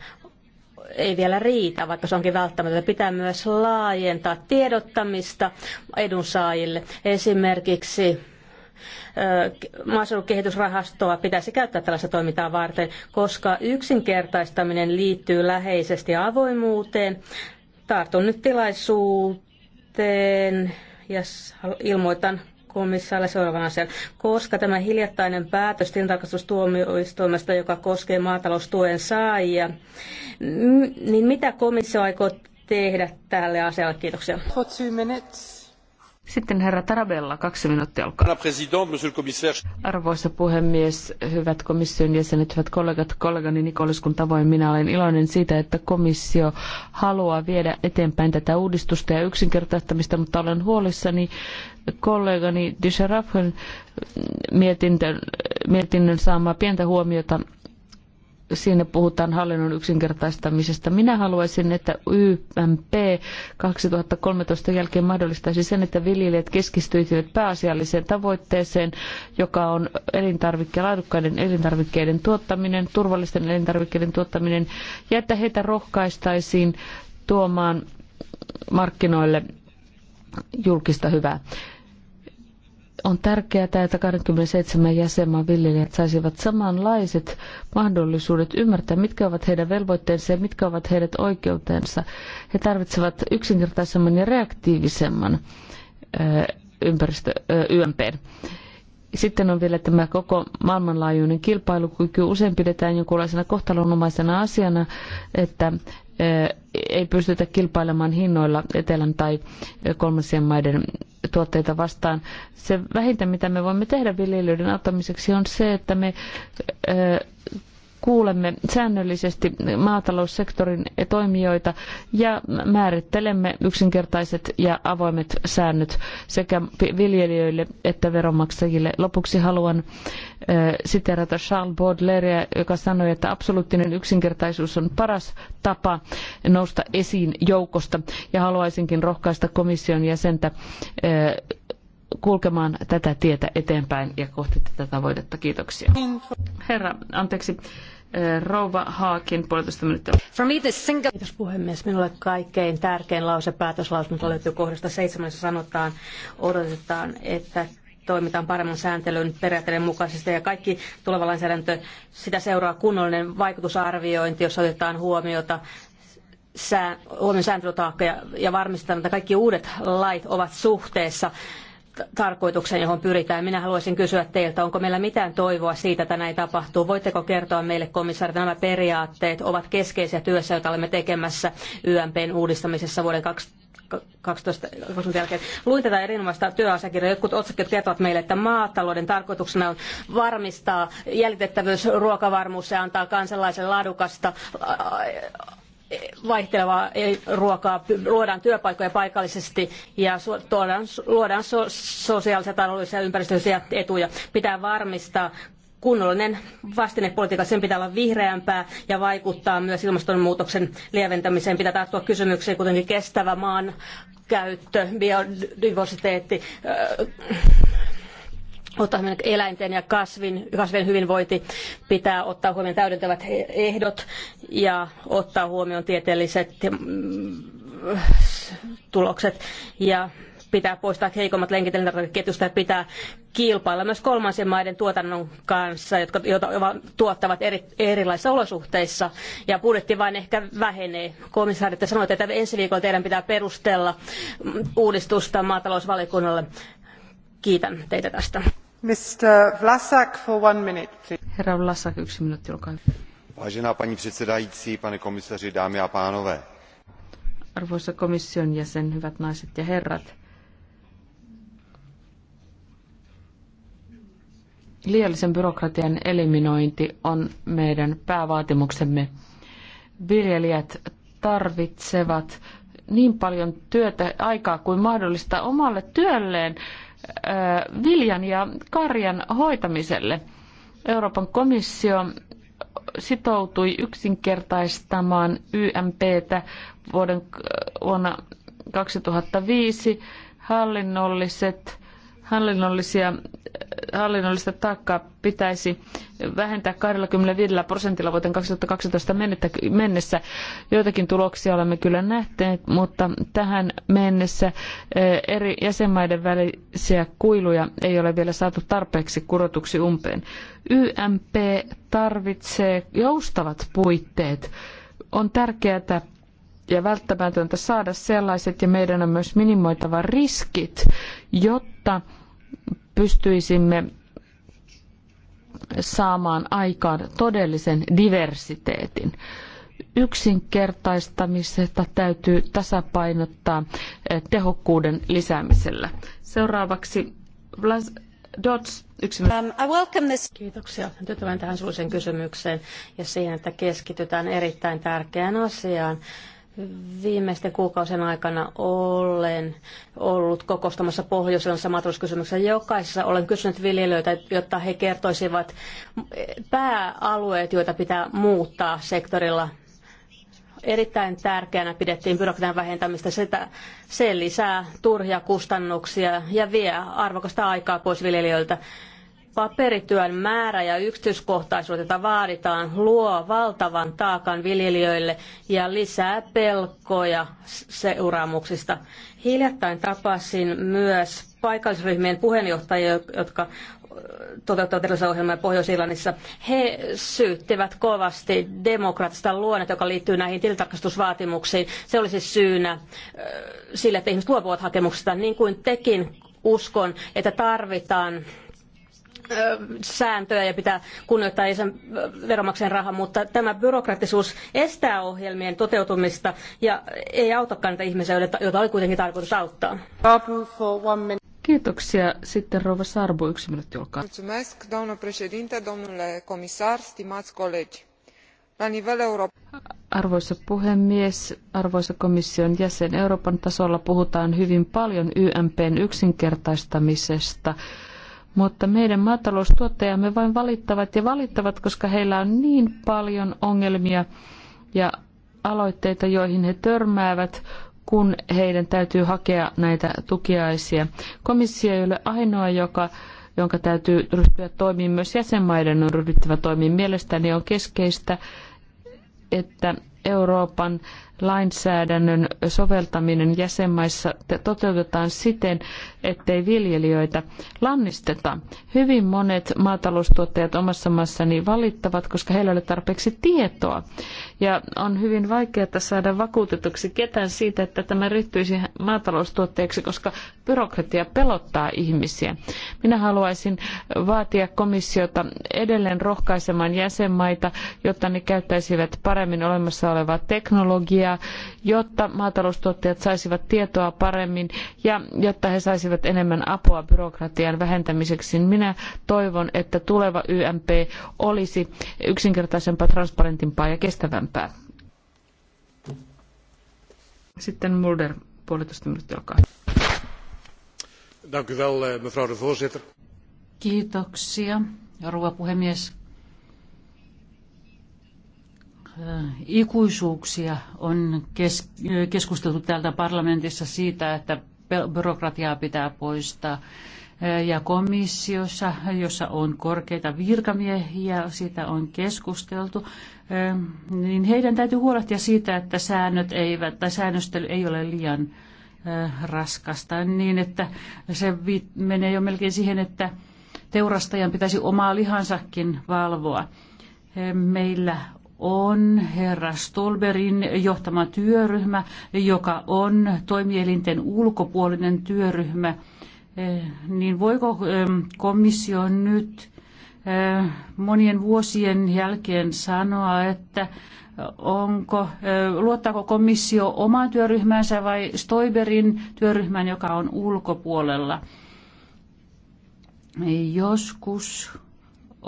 ei vielä riitä, vaikka se onkin välttämätöntä. Pitää myös laajentaa tiedottamista edunsaajille. Esimerkiksi maaseudun kehitysrahastoa pitäisi käyttää tällaista toimintaa varten, koska yksinkertaistaminen liittyy läheisesti avoimuuteen. Tartun nyt tilaisuuteen ja ilmoitan komissaalle seuraavan asian. Koska tämä hiljattainen päätös tilintarkastustuomioistuimesta, joka koskee maataloustuen saajia, niin mitä komissio aikoo tehdä tälle asialle? Kiitoksia. For two minutes. Sitten herra Tarabella, kaksi minuuttia olkaa. Arvoisa puhemies, hyvät komission jäsenet, hyvät kollegat, kollegani Nikolis, kun tavoin minä olen iloinen siitä, että komissio haluaa viedä eteenpäin tätä uudistusta ja yksinkertaistamista, mutta olen huolissani kollegani Disharafin mietinnön saamaa pientä huomiota siinä puhutaan hallinnon yksinkertaistamisesta. Minä haluaisin, että YMP 2013 jälkeen mahdollistaisi sen, että viljelijät keskistyisivät pääasialliseen tavoitteeseen, joka on elintarvikke, laadukkaiden elintarvikkeiden tuottaminen, turvallisten elintarvikkeiden tuottaminen, ja että heitä rohkaistaisiin tuomaan markkinoille julkista hyvää on tärkeää, että 27 jäsenmaan viljelijät saisivat samanlaiset mahdollisuudet ymmärtää, mitkä ovat heidän velvoitteensa ja mitkä ovat heidän oikeutensa. He tarvitsevat yksinkertaisemman ja reaktiivisemman ympäristö, Sitten on vielä tämä koko maailmanlaajuinen kilpailukyky. Usein pidetään jonkunlaisena kohtalonomaisena asiana, että ei pystytä kilpailemaan hinnoilla etelän tai kolmansien maiden tuotteita vastaan. Se vähintä, mitä me voimme tehdä viljelijöiden auttamiseksi, on se, että me kuulemme säännöllisesti maataloussektorin toimijoita ja määrittelemme yksinkertaiset ja avoimet säännöt sekä viljelijöille että veronmaksajille. Lopuksi haluan äh, siterata Charles Baudelaire, joka sanoi, että absoluuttinen yksinkertaisuus on paras tapa nousta esiin joukosta ja haluaisinkin rohkaista komission jäsentä äh, kulkemaan tätä tietä eteenpäin ja kohti tätä tavoitetta. Kiitoksia. Herra, anteeksi. Eh, rouva Haakin, puolitoista minuuttia. single... Kiitos puhemies. Minulle kaikkein tärkein lause päätöslausunto löytyy kohdasta seitsemän, sanotaan, odotetaan, että toimitaan paremman sääntelyn periaatteiden mukaisesti ja kaikki tuleva lainsäädäntö, sitä seuraa kunnollinen vaikutusarviointi, jossa otetaan huomiota sää, huomioon sääntelytaakka ja, ja varmistetaan, että kaikki uudet lait ovat suhteessa tarkoitukseen, johon pyritään. Minä haluaisin kysyä teiltä, onko meillä mitään toivoa siitä, että näin tapahtuu? Voitteko kertoa meille, komissaari, että nämä periaatteet ovat keskeisiä työssä, jota olemme tekemässä YMPn uudistamisessa vuoden 2012 jälkeen. Luin tätä erinomaista työasiakirjaa. Jotkut otsakkeet kertovat meille, että maatalouden tarkoituksena on varmistaa jäljitettävyys, ruokavarmuus ja antaa kansalaisen laadukasta vaihtelevaa ruokaa, luodaan työpaikkoja paikallisesti ja tuodaan, luodaan so, sosiaalisia, taloudellisia ja ympäristöllisiä etuja. Pitää varmistaa kunnollinen vastinepolitiikka, sen pitää olla vihreämpää ja vaikuttaa myös ilmastonmuutoksen lieventämiseen. Pitää tarttua kysymyksiin, kuten kestävä maan käyttö, biodiversiteetti, ottaminen eläinten ja kasvin, kasvien hyvinvointi pitää ottaa huomioon täydentävät ehdot ja ottaa huomioon tieteelliset mm, tulokset ja pitää poistaa heikommat lenkit elintarvikeketjusta ja pitää kilpailla myös kolmansien maiden tuotannon kanssa, jotka, tuottavat eri, erilaisissa olosuhteissa. Ja budjetti vain ehkä vähenee. Komissaari, te sanoitte, että ensi viikolla teidän pitää perustella uudistusta maatalousvaliokunnalle. Kiitän teitä tästä vážená paní předsedající pane komisaři dámy a pánové arvoisa komission jäsen hyvät naiset ja herrat liiallisen byrokratian eliminointi on meidän päävaatimuksemme. viljelijät tarvitsevat niin paljon työtä aikaa kuin mahdollista omalle työlleen viljan ja karjan hoitamiselle. Euroopan komissio sitoutui yksinkertaistamaan YMPtä vuoden, vuonna 2005 hallinnolliset hallinnollisia, hallinnollista taakkaa pitäisi vähentää 25 prosentilla vuoteen 2012 mennessä. Joitakin tuloksia olemme kyllä nähneet, mutta tähän mennessä eh, eri jäsenmaiden välisiä kuiluja ei ole vielä saatu tarpeeksi kurotuksi umpeen. YMP tarvitsee joustavat puitteet. On tärkeää, ja välttämätöntä saada sellaiset ja meidän on myös minimoitava riskit, jotta pystyisimme saamaan aikaan todellisen diversiteetin. Yksinkertaistamisesta täytyy tasapainottaa eh, tehokkuuden lisäämisellä. Seuraavaksi Blas Dots, yksi um, Kiitoksia. tähän suullisen kysymykseen ja siihen, että keskitytään erittäin tärkeään asiaan viimeisten kuukausien aikana olen ollut kokostamassa pohjoisessa maatalouskysymyksessä. Jokaisessa olen kysynyt viljelijöitä, jotta he kertoisivat pääalueet, joita pitää muuttaa sektorilla. Erittäin tärkeänä pidettiin byrokratian vähentämistä. Sitä, se lisää turhia kustannuksia ja vie arvokasta aikaa pois viljelijöiltä. Paperityön määrä ja yksityiskohtaisuudet, joita vaaditaan, luo valtavan taakan viljelijöille ja lisää pelkoja seuraamuksista. Hiljattain tapasin myös paikallisryhmien puheenjohtajia, jotka toteuttavat erilaisia ohjelmia Pohjois-Irlannissa. He syyttivät kovasti demokraattista luonnetta, joka liittyy näihin tilitarkastusvaatimuksiin. Se olisi siis syynä sille, että ihmiset luopuvat hakemuksesta, niin kuin tekin uskon, että tarvitaan sääntöjä ja pitää kunnioittaa isän veronmaksajan rahaa, mutta tämä byrokraattisuus estää ohjelmien toteutumista ja ei autakaan niitä ihmisiä, joita oli kuitenkin tarkoitus auttaa. Kiitoksia. Sitten Rova Sarbo, yksi minuutti, olkaa. Mulțumesc, doamnă președinte, domnule comisar, stimați colegi. La nivel european... Arvoisa puhemies, arvoisa komission jäsen, Euroopan tasolla puhutaan hyvin paljon YMPn yksinkertaistamisesta mutta meidän maataloustuottajamme vain valittavat ja valittavat, koska heillä on niin paljon ongelmia ja aloitteita, joihin he törmäävät, kun heidän täytyy hakea näitä tukiaisia. Komissio ei ole ainoa, joka jonka täytyy ryhtyä toimiin, myös jäsenmaiden on ryhdyttävä toimiin. Mielestäni on keskeistä, että Euroopan lainsäädännön soveltaminen jäsenmaissa toteutetaan siten, ettei viljelijöitä lannisteta. Hyvin monet maataloustuottajat omassa maassani valittavat, koska heillä ei ole tarpeeksi tietoa. Ja on hyvin vaikeaa saada vakuutetuksi ketään siitä, että tämä ryhtyisi maataloustuottajaksi, koska byrokratia pelottaa ihmisiä. Minä haluaisin vaatia komissiota edelleen rohkaisemaan jäsenmaita, jotta ne käyttäisivät paremmin olemassa olevaa teknologiaa, tukea, jotta maataloustuottajat saisivat tietoa paremmin ja jotta he saisivat enemmän apua byrokratian vähentämiseksi. Niin minä toivon, että tuleva YMP olisi yksinkertaisempaa, transparentimpaa ja kestävämpää. Sitten Mulder, puolitoista minuuttia, olkaa Dank u wel, eh, mevrouw de voorzitter. Kiitoksia, rouva puhemies ikuisuuksia on kes, keskusteltu täältä parlamentissa siitä, että byrokratiaa pitää poistaa. Ja komissiossa, jossa on korkeita virkamiehiä, siitä on keskusteltu, niin heidän täytyy huolehtia siitä, että säännöt eivät, tai säännöstely ei ole liian raskasta, niin että se menee jo melkein siihen, että teurastajan pitäisi omaa lihansakin valvoa. Meillä on herra Stolberin johtama työryhmä, joka on toimielinten ulkopuolinen työryhmä, eh, niin voiko komissio nyt eh, monien vuosien jälkeen sanoa, että onko, eh, luottaako komissio omaan työryhmäänsä vai Stoiberin työryhmään, joka on ulkopuolella? Joskus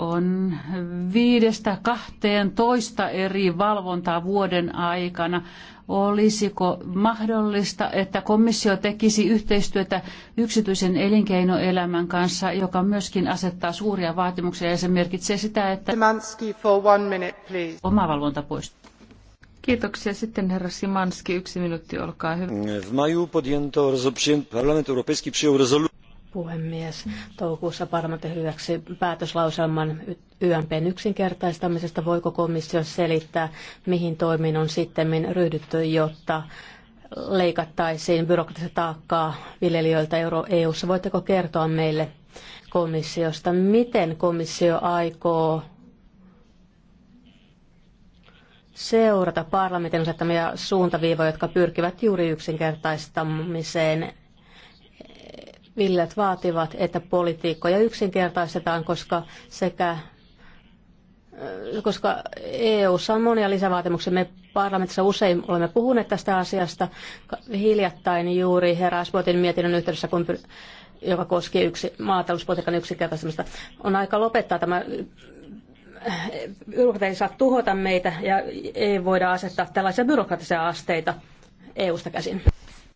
on viidestä 12 eri valvontaa vuoden aikana. Olisiko mahdollista, että komissio tekisi yhteistyötä yksityisen elinkeinoelämän kanssa, joka myöskin asettaa suuria vaatimuksia ja se merkitsee sitä, että for one minute, omavalvonta poistuu. Kiitoksia. Sitten herra Simanski, yksi minuutti, olkaa hyvä puhemies. Toukokuussa parlamentti hyväksyi päätöslauselman YMPn yksinkertaistamisesta. Voiko komissio selittää, mihin toimiin on sitten ryhdytty, jotta leikattaisiin byrokratista taakkaa viljelijöiltä EU-ssa? E Voitteko kertoa meille komissiosta, miten komissio aikoo seurata parlamentin asettamia suuntaviivoja, jotka pyrkivät juuri yksinkertaistamiseen Villet vaativat, että politiikkoja yksinkertaistetaan, koska sekä koska EU:ssa on monia lisävaatimuksia. Me parlamentissa usein olemme puhuneet tästä asiasta hiljattain juuri Herasbotin mietinnön yhteydessä, kun joka koski yksi, maatalouspolitiikan yksinkertaistamista. On aika lopettaa tämä byrokratia ei saa tuhota meitä ja ei voida asettaa tällaisia byrokratisia asteita EUsta käsin.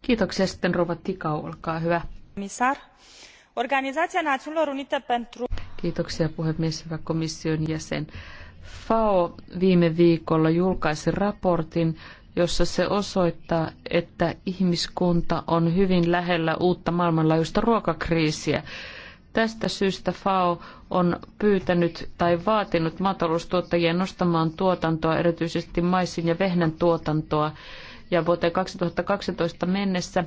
Kiitoksia sitten Rova Tikau, olkaa hyvä. Organisaatio națiunilor Unite pentru... Kiitoksia puhemies, hyvä komission jäsen. FAO viime viikolla julkaisi raportin, jossa se osoittaa, että ihmiskunta on hyvin lähellä uutta maailmanlaajuista ruokakriisiä. Tästä syystä FAO on pyytänyt tai vaatinut maataloustuottajia nostamaan tuotantoa, erityisesti maisin ja vehnän tuotantoa. Ja vuoteen 2012 mennessä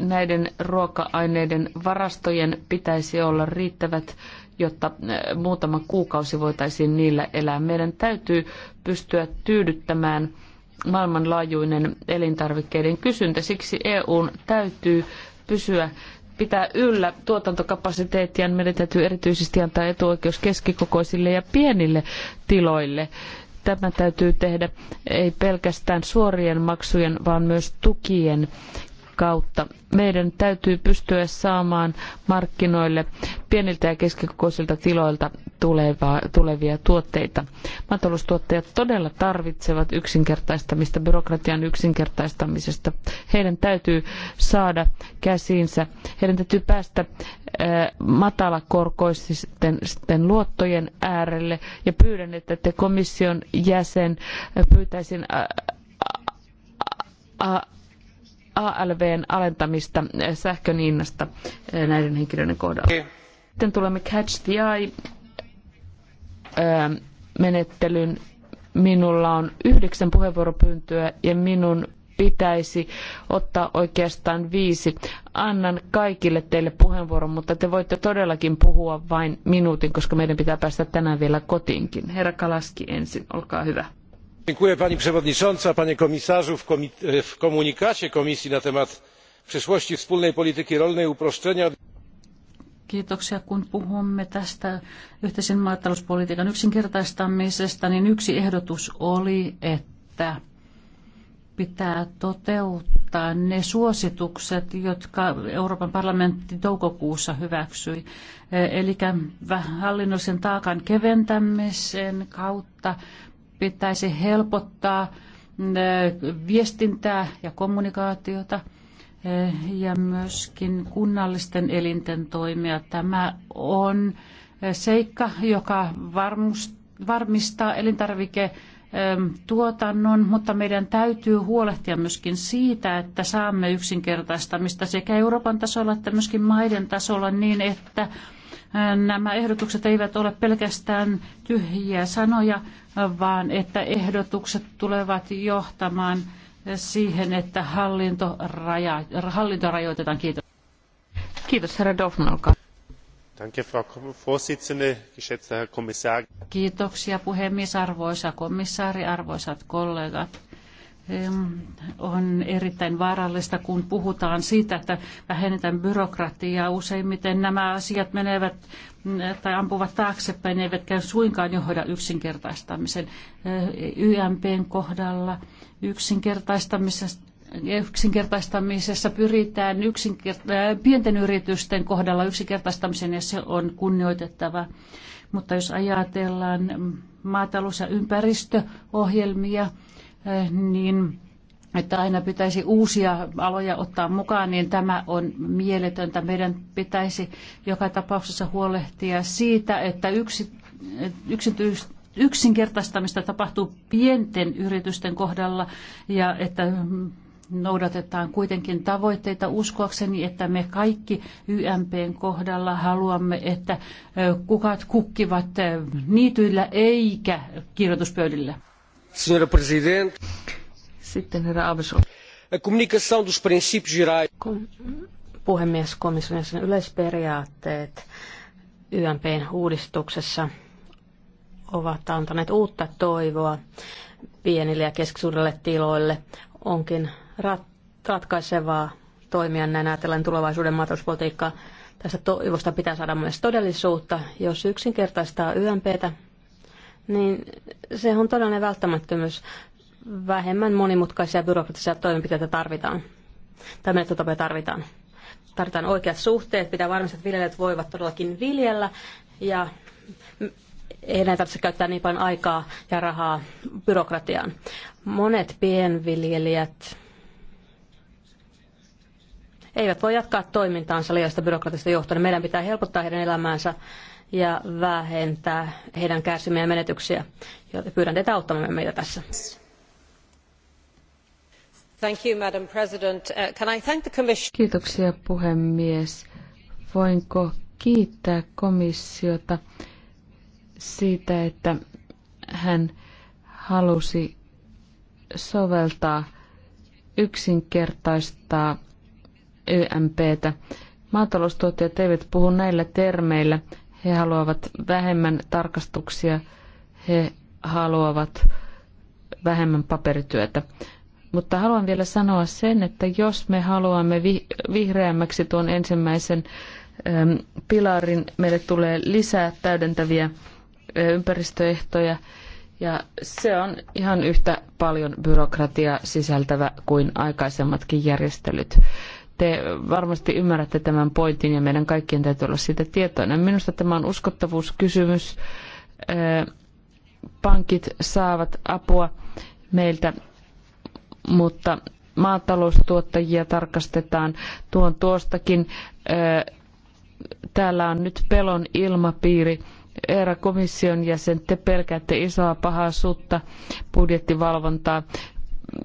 näiden ruoka-aineiden varastojen pitäisi olla riittävät, jotta äh, muutama kuukausi voitaisiin niillä elää. Meidän täytyy pystyä tyydyttämään maailmanlaajuinen elintarvikkeiden kysyntä. Siksi EUn täytyy pysyä pitää yllä tuotantokapasiteettia. Meidän täytyy erityisesti antaa etuoikeus keskikokoisille ja pienille tiloille tämä täytyy tehdä ei pelkästään suorien maksujen, vaan myös tukien kautta. Meidän täytyy pystyä saamaan markkinoille pieniltä ja keskikokoisilta tiloilta tulevaa, tulevia tuotteita. Maataloustuottajat todella tarvitsevat yksinkertaistamista, byrokratian yksinkertaistamisesta. Heidän täytyy saada käsiinsä, heidän täytyy päästä matalakorkoisten luottojen äärelle ja pyydän, että te komission jäsen pyytäisin ALVn alentamista eh, sähkön hinnasta eh, näiden henkilöiden kohdalla. Sitten tulemme Catch the Eye-menettelyn. Eh, Minulla on yhdeksän puheenvuoropyyntöä ja minun pitäisi ottaa oikeastaan viisi. Annan kaikille teille puheenvuoron, mutta te voitte todellakin puhua vain minuutin, koska meidän pitää päästä tänään vielä kotiinkin. Herra Kalaski ensin, olkaa hyvä pani przewodnicząca! panie komisarzu! w komunikacie komisji na temat przyszłości wspólnej polityki rolnej uproszczenia. Kiitoksia. Kun puhumme tästä yhteisen maatalouspolitiikan yksinkertaistamisesta, niin yksi ehdotus oli, että pitää toteuttaa ne suositukset, jotka Euroopan parlamentti toukokuussa hyväksyi. Eli hallinnollisen taakan keventämisen kautta pitäisi helpottaa viestintää ja kommunikaatiota ja myöskin kunnallisten elinten toimia. Tämä on seikka, joka varmistaa elintarvike tuotannon, mutta meidän täytyy huolehtia myöskin siitä, että saamme yksinkertaistamista sekä Euroopan tasolla että myöskin maiden tasolla niin, että nämä ehdotukset eivät ole pelkästään tyhjiä sanoja, vaan että ehdotukset tulevat johtamaan siihen, että hallinto, raja, hallinto rajoitetaan. Kiitos. Kiitos, herra Dorfman, olkaa. Kiitoksia puhemies, arvoisa komissaari, arvoisat kollegat on erittäin vaarallista, kun puhutaan siitä, että vähennetään byrokratiaa. Useimmiten nämä asiat menevät mm, tai ampuvat taaksepäin, eivätkä suinkaan johda yksinkertaistamisen. YMPn kohdalla yksinkertaistamisesta yksinkertaistamisessa pyritään yksinkerta- pienten yritysten kohdalla yksinkertaistamiseen ja se on kunnioitettava. Mutta jos ajatellaan maatalous- ja ympäristöohjelmia, Eh, niin että aina pitäisi uusia aloja ottaa mukaan, niin tämä on mieletöntä. Meidän pitäisi joka tapauksessa huolehtia siitä, että yksi, yksityis, yksinkertaistamista tapahtuu pienten yritysten kohdalla ja että noudatetaan kuitenkin tavoitteita uskoakseni, että me kaikki YMPn kohdalla haluamme, että eh, kukat kukkivat eh, niityillä eikä kirjoituspöydillä. Senhora Presidente. A comunicação dos princípios gerais. Puhemies, komission yleisperiaatteet YMPn uudistuksessa ovat antaneet uutta toivoa pienille ja keskisuurille tiloille. Onkin rat- ratkaisevaa toimia näin ajatellen tulevaisuuden maatalouspolitiikkaa. Tästä toivosta pitää saada myös todellisuutta. Jos yksinkertaistaa YMPtä, niin se on todellinen välttämättömyys. Vähemmän monimutkaisia byrokratisia toimenpiteitä tarvitaan, tai menettelytapoja tarvitaan. Tarvitaan oikeat suhteet, pitää varmistaa, että viljelijät voivat todellakin viljellä, ja ei näitä tarvitse käyttää niin paljon aikaa ja rahaa byrokratiaan. Monet pienviljelijät eivät voi jatkaa toimintaansa liiasta byrokratista johtuen. Meidän pitää helpottaa heidän elämäänsä ja vähentää heidän kärsimiä menetyksiä. Joten pyydän teitä auttamaan meitä tässä. Thank you, Madam President. Uh, can I thank the commission? Kiitoksia puhemies. Voinko kiittää komissiota siitä, että hän halusi soveltaa yksinkertaistaa YMPtä. Maataloustuottajat eivät puhu näillä termeillä he haluavat vähemmän tarkastuksia, he haluavat vähemmän paperityötä. Mutta haluan vielä sanoa sen, että jos me haluamme vihreämmäksi tuon ensimmäisen ähm, pilarin, meille tulee lisää täydentäviä äh, ympäristöehtoja. Ja se on ihan yhtä paljon byrokratiaa sisältävä kuin aikaisemmatkin järjestelyt. Te varmasti ymmärrätte tämän pointin ja meidän kaikkien täytyy olla siitä tietoinen. Minusta tämä on uskottavuuskysymys. Pankit saavat apua meiltä, mutta maataloustuottajia tarkastetaan tuon tuostakin. Täällä on nyt pelon ilmapiiri. Eera komission jäsen, te pelkäätte isoa pahaa sutta budjettivalvontaa,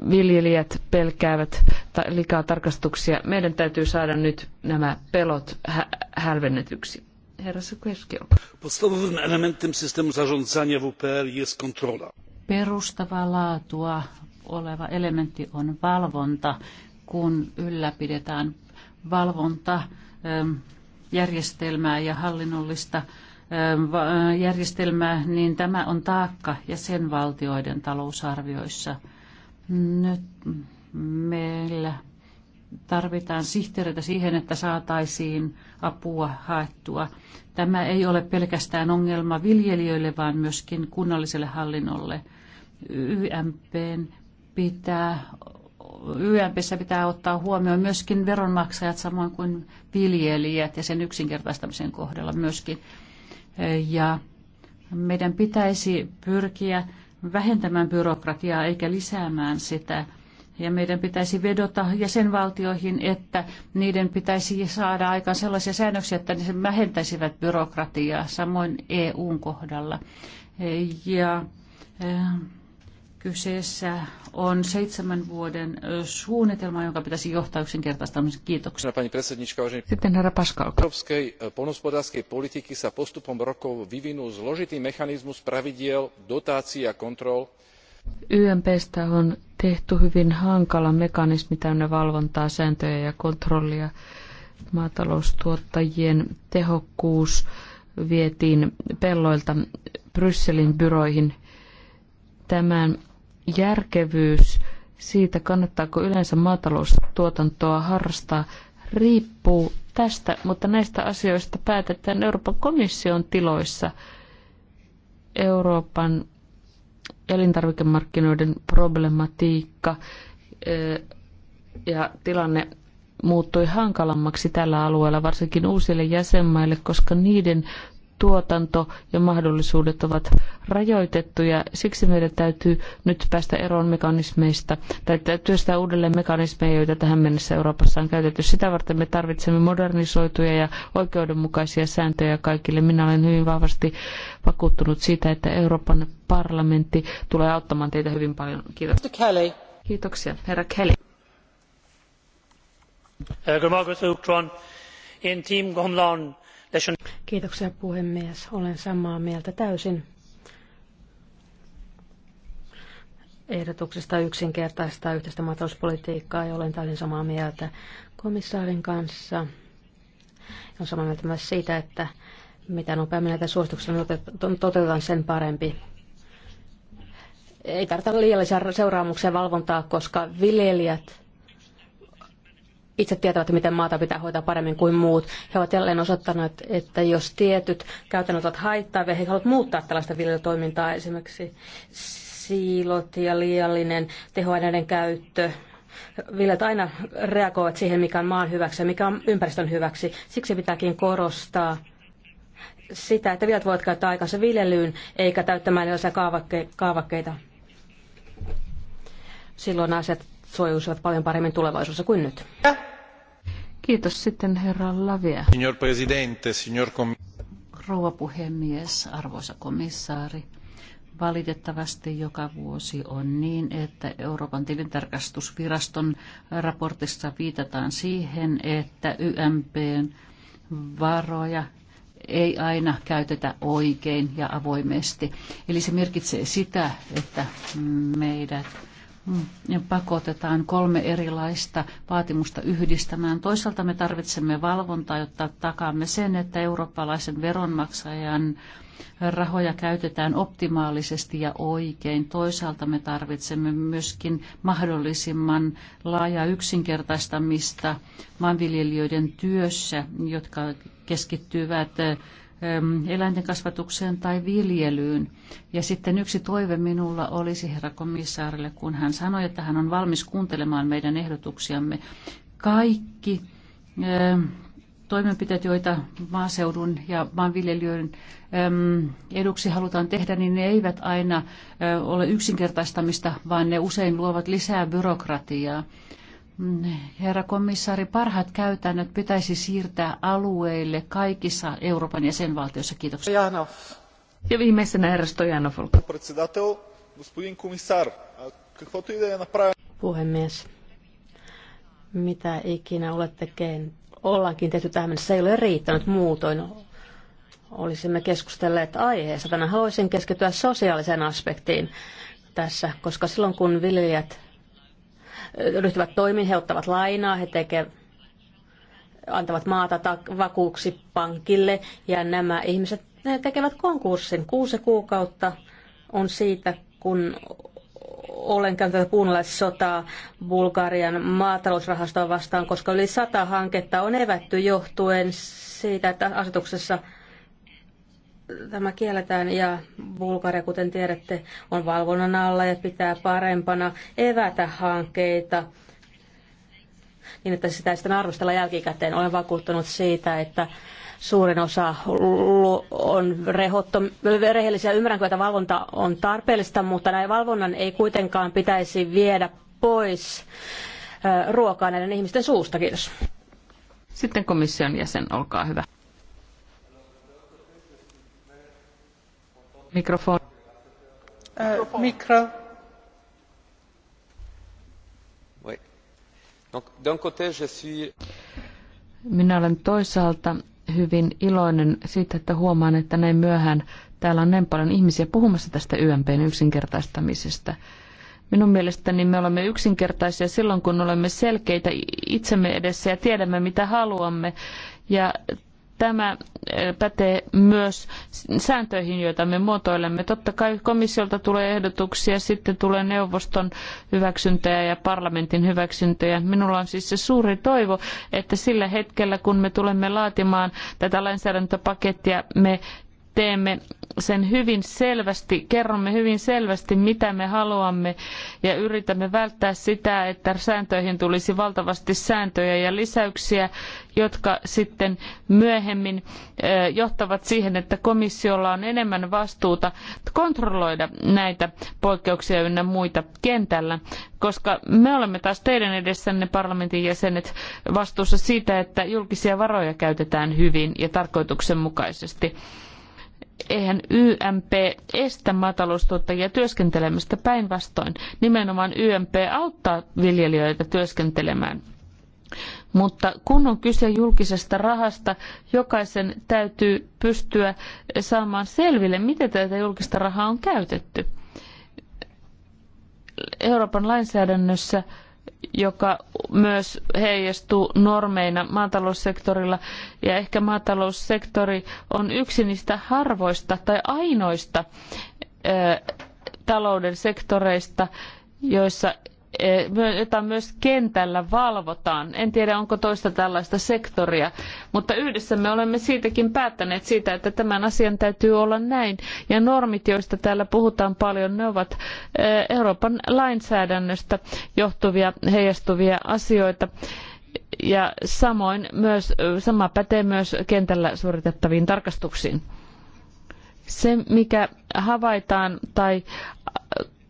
viljelijät pelkäävät liikaa tarkastuksia. Meidän täytyy saada nyt nämä pelot hä- hälvennetyksi. Herra Sukeski, Podstawowym elementem systemu zarządzania WPR jest kontrola. Perustavaa laatua oleva elementti on valvonta, kun ylläpidetään valvontajärjestelmää ähm, ja hallinnollista ähm, järjestelmää, niin tämä on taakka jäsenvaltioiden talousarvioissa – nyt meillä tarvitaan sihteereitä siihen, että saataisiin apua haettua. Tämä ei ole pelkästään ongelma viljelijöille, vaan myöskin kunnalliselle hallinnolle. YMPn pitää, YMPssä pitää ottaa huomioon myöskin veronmaksajat samoin kuin viljelijät ja sen yksinkertaistamisen kohdalla myöskin. Ja meidän pitäisi pyrkiä vähentämään byrokratiaa eikä lisäämään sitä. Ja meidän pitäisi vedota jäsenvaltioihin, että niiden pitäisi saada aikaan sellaisia säännöksiä, että ne vähentäisivät byrokratiaa, samoin EUn kohdalla. Ja eh, Kyseessä on seitsemän vuoden suunnitelma, jonka pitäisi johtaa yksinkertaistamisen. Kiitoksia. Pani Sitten herra Pascal. Európskej e, polnospodárskej politiky sa postupom rokov vyvinul zložitý mechanizmus pravidiel, dotácií a kontrol. YMPstä on tehty hyvin hankala mekanismi täynnä valvontaa, sääntöjä ja kontrollia. Maataloustuottajien tehokkuus vietiin pelloilta Brysselin byroihin. Tämän järkevyys siitä, kannattaako yleensä maataloustuotantoa harrastaa, riippuu tästä, mutta näistä asioista päätetään Euroopan komission tiloissa. Euroopan elintarvikemarkkinoiden problematiikka ja tilanne muuttui hankalammaksi tällä alueella, varsinkin uusille jäsenmaille, koska niiden tuotanto ja mahdollisuudet ovat rajoitettuja. Siksi meidän täytyy nyt päästä eroon mekanismeista tai työstää uudelleen mekanismeja, joita tähän mennessä Euroopassa on käytetty. Sitä varten me tarvitsemme modernisoituja ja oikeudenmukaisia sääntöjä kaikille. Minä olen hyvin vahvasti vakuuttunut siitä, että Euroopan parlamentti tulee auttamaan teitä hyvin paljon. Kiitos. Kiitoksia, herra Kelly. Herra eh, Kiitoksia puhemies. Olen samaa mieltä täysin ehdotuksesta yksinkertaistaa yhteistä maatalouspolitiikkaa ja olen täysin samaa mieltä komissaarin kanssa. Olen samaa mieltä myös siitä, että mitä nopeammin näitä suosituksia toteutetaan, sen parempi. Ei tarvita liiallisia seuraamuksia valvontaa, koska viljelijät itse tietävät, miten maata pitää hoitaa paremmin kuin muut. He ovat jälleen osoittaneet, että jos tietyt käytännöt ovat haittaavia, he haluavat muuttaa tällaista viljelytoimintaa, esimerkiksi siilot ja liiallinen tehoaineiden käyttö. Viljat aina reagoivat siihen, mikä on maan hyväksi ja mikä on ympäristön hyväksi. Siksi pitääkin korostaa sitä, että viljat voivat käyttää aikansa viljelyyn eikä täyttämään erilaisia kaavakkeita. Silloin asiat suojuisivat paljon paremmin tulevaisuudessa kuin nyt. Kiitos sitten herra Lavia. Signor Presidente, signor com- Rouva puhemies, arvoisa komissaari. Valitettavasti joka vuosi on niin, että Euroopan tilintarkastusviraston raportissa viitataan siihen, että YMPn varoja ei aina käytetä oikein ja avoimesti. Eli se merkitsee sitä, että meidät Mm. pakotetaan kolme erilaista vaatimusta yhdistämään. Toisaalta me tarvitsemme valvontaa, jotta takaamme sen, että eurooppalaisen veronmaksajan rahoja käytetään optimaalisesti ja oikein. Toisaalta me tarvitsemme myöskin mahdollisimman laajaa yksinkertaistamista maanviljelijöiden työssä, jotka keskittyvät Ähm, eläinten kasvatukseen tai viljelyyn. Ja sitten yksi toive minulla olisi herra komissaarille, kun hän sanoi, että hän on valmis kuuntelemaan meidän ehdotuksiamme. Kaikki ähm, toimenpiteet, joita maaseudun ja maanviljelijöiden ähm, eduksi halutaan tehdä, niin ne eivät aina äh, ole yksinkertaistamista, vaan ne usein luovat lisää byrokratiaa. Herra komissaari, parhaat käytännöt pitäisi siirtää alueille kaikissa Euroopan jäsenvaltioissa. Kiitoksia. Janov. Ja viimeisenä herra Stojanov. Puhemies, mitä ikinä olettekin, ollaankin tehty tähän mennessä, ei ole riittänyt muutoin. Olisimme keskustelleet aiheesta. Tänään haluaisin keskittyä sosiaaliseen aspektiin tässä, koska silloin kun viljelijät ryhtyvät toimiin, he ottavat lainaa, he tekevät antavat maata vakuuksi pankille ja nämä ihmiset ne tekevät konkurssin. Kuusi kuukautta on siitä, kun olen käynyt puunalaissotaa Bulgarian maatalousrahastoa vastaan, koska yli sata hanketta on evätty johtuen siitä, että asetuksessa tämä kielletään ja Bulgaria, kuten tiedätte, on valvonnan alla ja pitää parempana evätä hankkeita niin, että sitä ei sitten arvostella jälkikäteen. Olen vakuuttunut siitä, että suurin osa on rehellisiä. Ymmärrän, että valvonta on tarpeellista, mutta näin valvonnan ei kuitenkaan pitäisi viedä pois ruokaa näiden ihmisten suusta. Kiitos. Sitten komission jäsen, olkaa hyvä. Mikrofon. E, mikro. Minä olen toisaalta hyvin iloinen siitä, että huomaan, että näin myöhään täällä on näin paljon ihmisiä puhumassa tästä YMPn yksinkertaistamisesta. Minun mielestäni me olemme yksinkertaisia silloin, kun olemme selkeitä itsemme edessä ja tiedämme, mitä haluamme. Ja Tämä eh, pätee myös sääntöihin, joita me muotoilemme. Totta kai komissiolta tulee ehdotuksia, sitten tulee neuvoston hyväksyntöjä ja parlamentin hyväksyntöjä. Minulla on siis se suuri toivo, että sillä hetkellä, kun me tulemme laatimaan tätä lainsäädäntöpakettia, me teemme sen hyvin selvästi, kerromme hyvin selvästi, mitä me haluamme ja yritämme välttää sitä, että sääntöihin tulisi valtavasti sääntöjä ja lisäyksiä, jotka sitten myöhemmin johtavat siihen, että komissiolla on enemmän vastuuta kontrolloida näitä poikkeuksia ynnä muita kentällä, koska me olemme taas teidän edessänne parlamentin jäsenet vastuussa siitä, että julkisia varoja käytetään hyvin ja tarkoituksenmukaisesti eihän YMP estä maataloustuottajia työskentelemästä päinvastoin. Nimenomaan YMP auttaa viljelijöitä työskentelemään. Mutta kun on kyse julkisesta rahasta, jokaisen täytyy pystyä saamaan selville, miten tätä julkista rahaa on käytetty. Euroopan lainsäädännössä joka myös heijastuu normeina maataloussektorilla. Ja ehkä maataloussektori on yksi niistä harvoista tai ainoista talouden sektoreista, joissa Eh, jota myös kentällä valvotaan. En tiedä, onko toista tällaista sektoria, mutta yhdessä me olemme siitäkin päättäneet siitä, että tämän asian täytyy olla näin. Ja normit, joista täällä puhutaan paljon, ne ovat eh, Euroopan lainsäädännöstä johtuvia, heijastuvia asioita. Ja samoin myös, eh, sama pätee myös kentällä suoritettaviin tarkastuksiin se, mikä havaitaan tai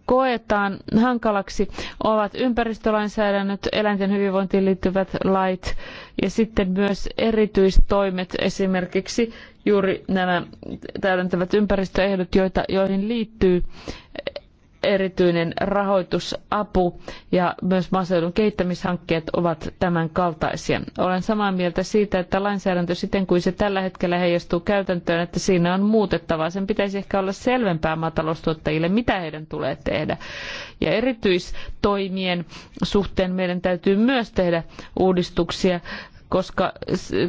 koetaan hankalaksi, ovat ympäristölainsäädännöt, eläinten hyvinvointiin liittyvät lait ja sitten myös erityistoimet, esimerkiksi juuri nämä täydentävät ympäristöehdot, joita, joihin liittyy erityinen rahoitusapu ja myös maaseudun kehittämishankkeet ovat tämän kaltaisia. Olen samaa mieltä siitä, että lainsäädäntö siten kuin se tällä hetkellä heijastuu käytäntöön, että siinä on muutettavaa. Sen pitäisi ehkä olla selvempää maataloustuottajille, mitä heidän tulee tehdä. Ja erityistoimien suhteen meidän täytyy myös tehdä uudistuksia koska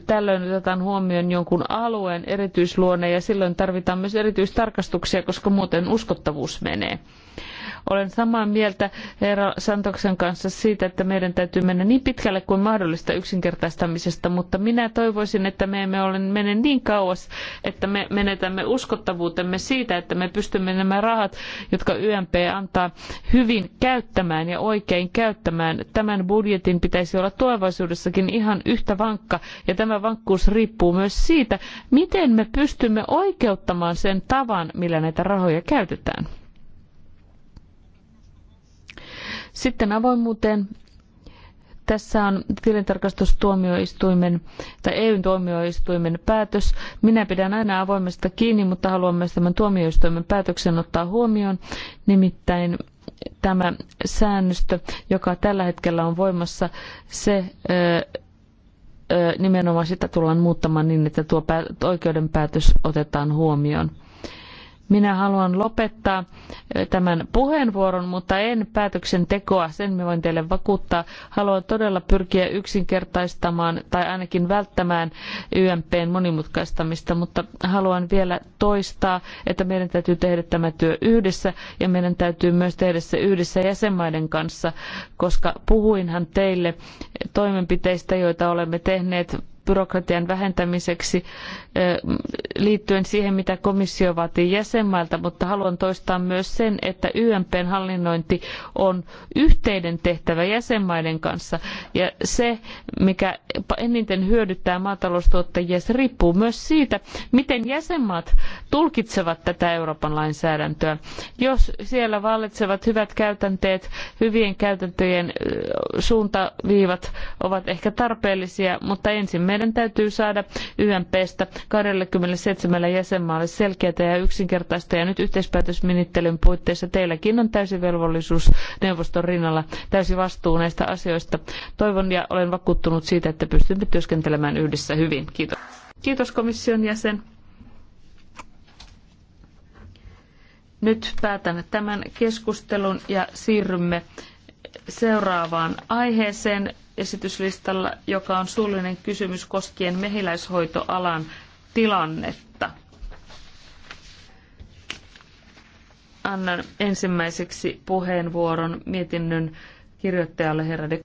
tällöin otetaan huomioon jonkun alueen erityisluonne ja silloin tarvitaan myös erityistarkastuksia, koska muuten uskottavuus menee. Olen samaa mieltä Eero Santoksen kanssa siitä, että meidän täytyy mennä niin pitkälle kuin mahdollista yksinkertaistamisesta, mutta minä toivoisin, että me emme ole mene niin kauas, että me menetämme uskottavuutemme siitä, että me pystymme nämä rahat, jotka YMP antaa, hyvin käyttämään ja oikein käyttämään. Tämän budjetin pitäisi olla tulevaisuudessakin ihan yhtä vankka, ja tämä vankkuus riippuu myös siitä, miten me pystymme oikeuttamaan sen tavan, millä näitä rahoja käytetään. Sitten avoimuuteen. Tässä on tilintarkastustuomioistuimen tai EUn tuomioistuimen päätös. Minä pidän aina avoimesta kiinni, mutta haluan myös tämän tuomioistuimen päätöksen ottaa huomioon. Nimittäin tämä säännöstö, joka tällä hetkellä on voimassa, se nimenomaan sitä tullaan muuttamaan niin, että tuo oikeudenpäätös otetaan huomioon. Minä haluan lopettaa eh, tämän puheenvuoron, mutta en päätöksentekoa, sen me voin teille vakuuttaa. Haluan todella pyrkiä yksinkertaistamaan tai ainakin välttämään YMPn monimutkaistamista, mutta haluan vielä toistaa, että meidän täytyy tehdä tämä työ yhdessä ja meidän täytyy myös tehdä se yhdessä jäsenmaiden kanssa, koska puhuinhan teille toimenpiteistä, joita olemme tehneet byrokratian vähentämiseksi liittyen siihen, mitä komissio vaatii jäsenmailta, mutta haluan toistaa myös sen, että YMPn hallinnointi on yhteinen tehtävä jäsenmaiden kanssa ja se, mikä eniten hyödyttää maataloustuottajia, se riippuu myös siitä, miten jäsenmaat tulkitsevat tätä Euroopan lainsäädäntöä. Jos siellä vallitsevat hyvät käytänteet, hyvien käytäntöjen suuntaviivat ovat ehkä tarpeellisia, mutta ensimmäinen meidän täytyy saada YMPstä 27 jäsenmaalle selkeätä ja yksinkertaista. Ja nyt yhteispäätösmenettelyn puitteissa teilläkin on täysi velvollisuus neuvoston rinnalla, täysi vastuu näistä asioista. Toivon ja olen vakuuttunut siitä, että pystymme työskentelemään yhdessä hyvin. Kiitos. Kiitos komission jäsen. Nyt päätän tämän keskustelun ja siirrymme seuraavaan aiheeseen esityslistalla, joka on suullinen kysymys koskien mehiläishoitoalan tilannetta. Annan ensimmäiseksi puheenvuoron mietinnön kirjoittajalle herra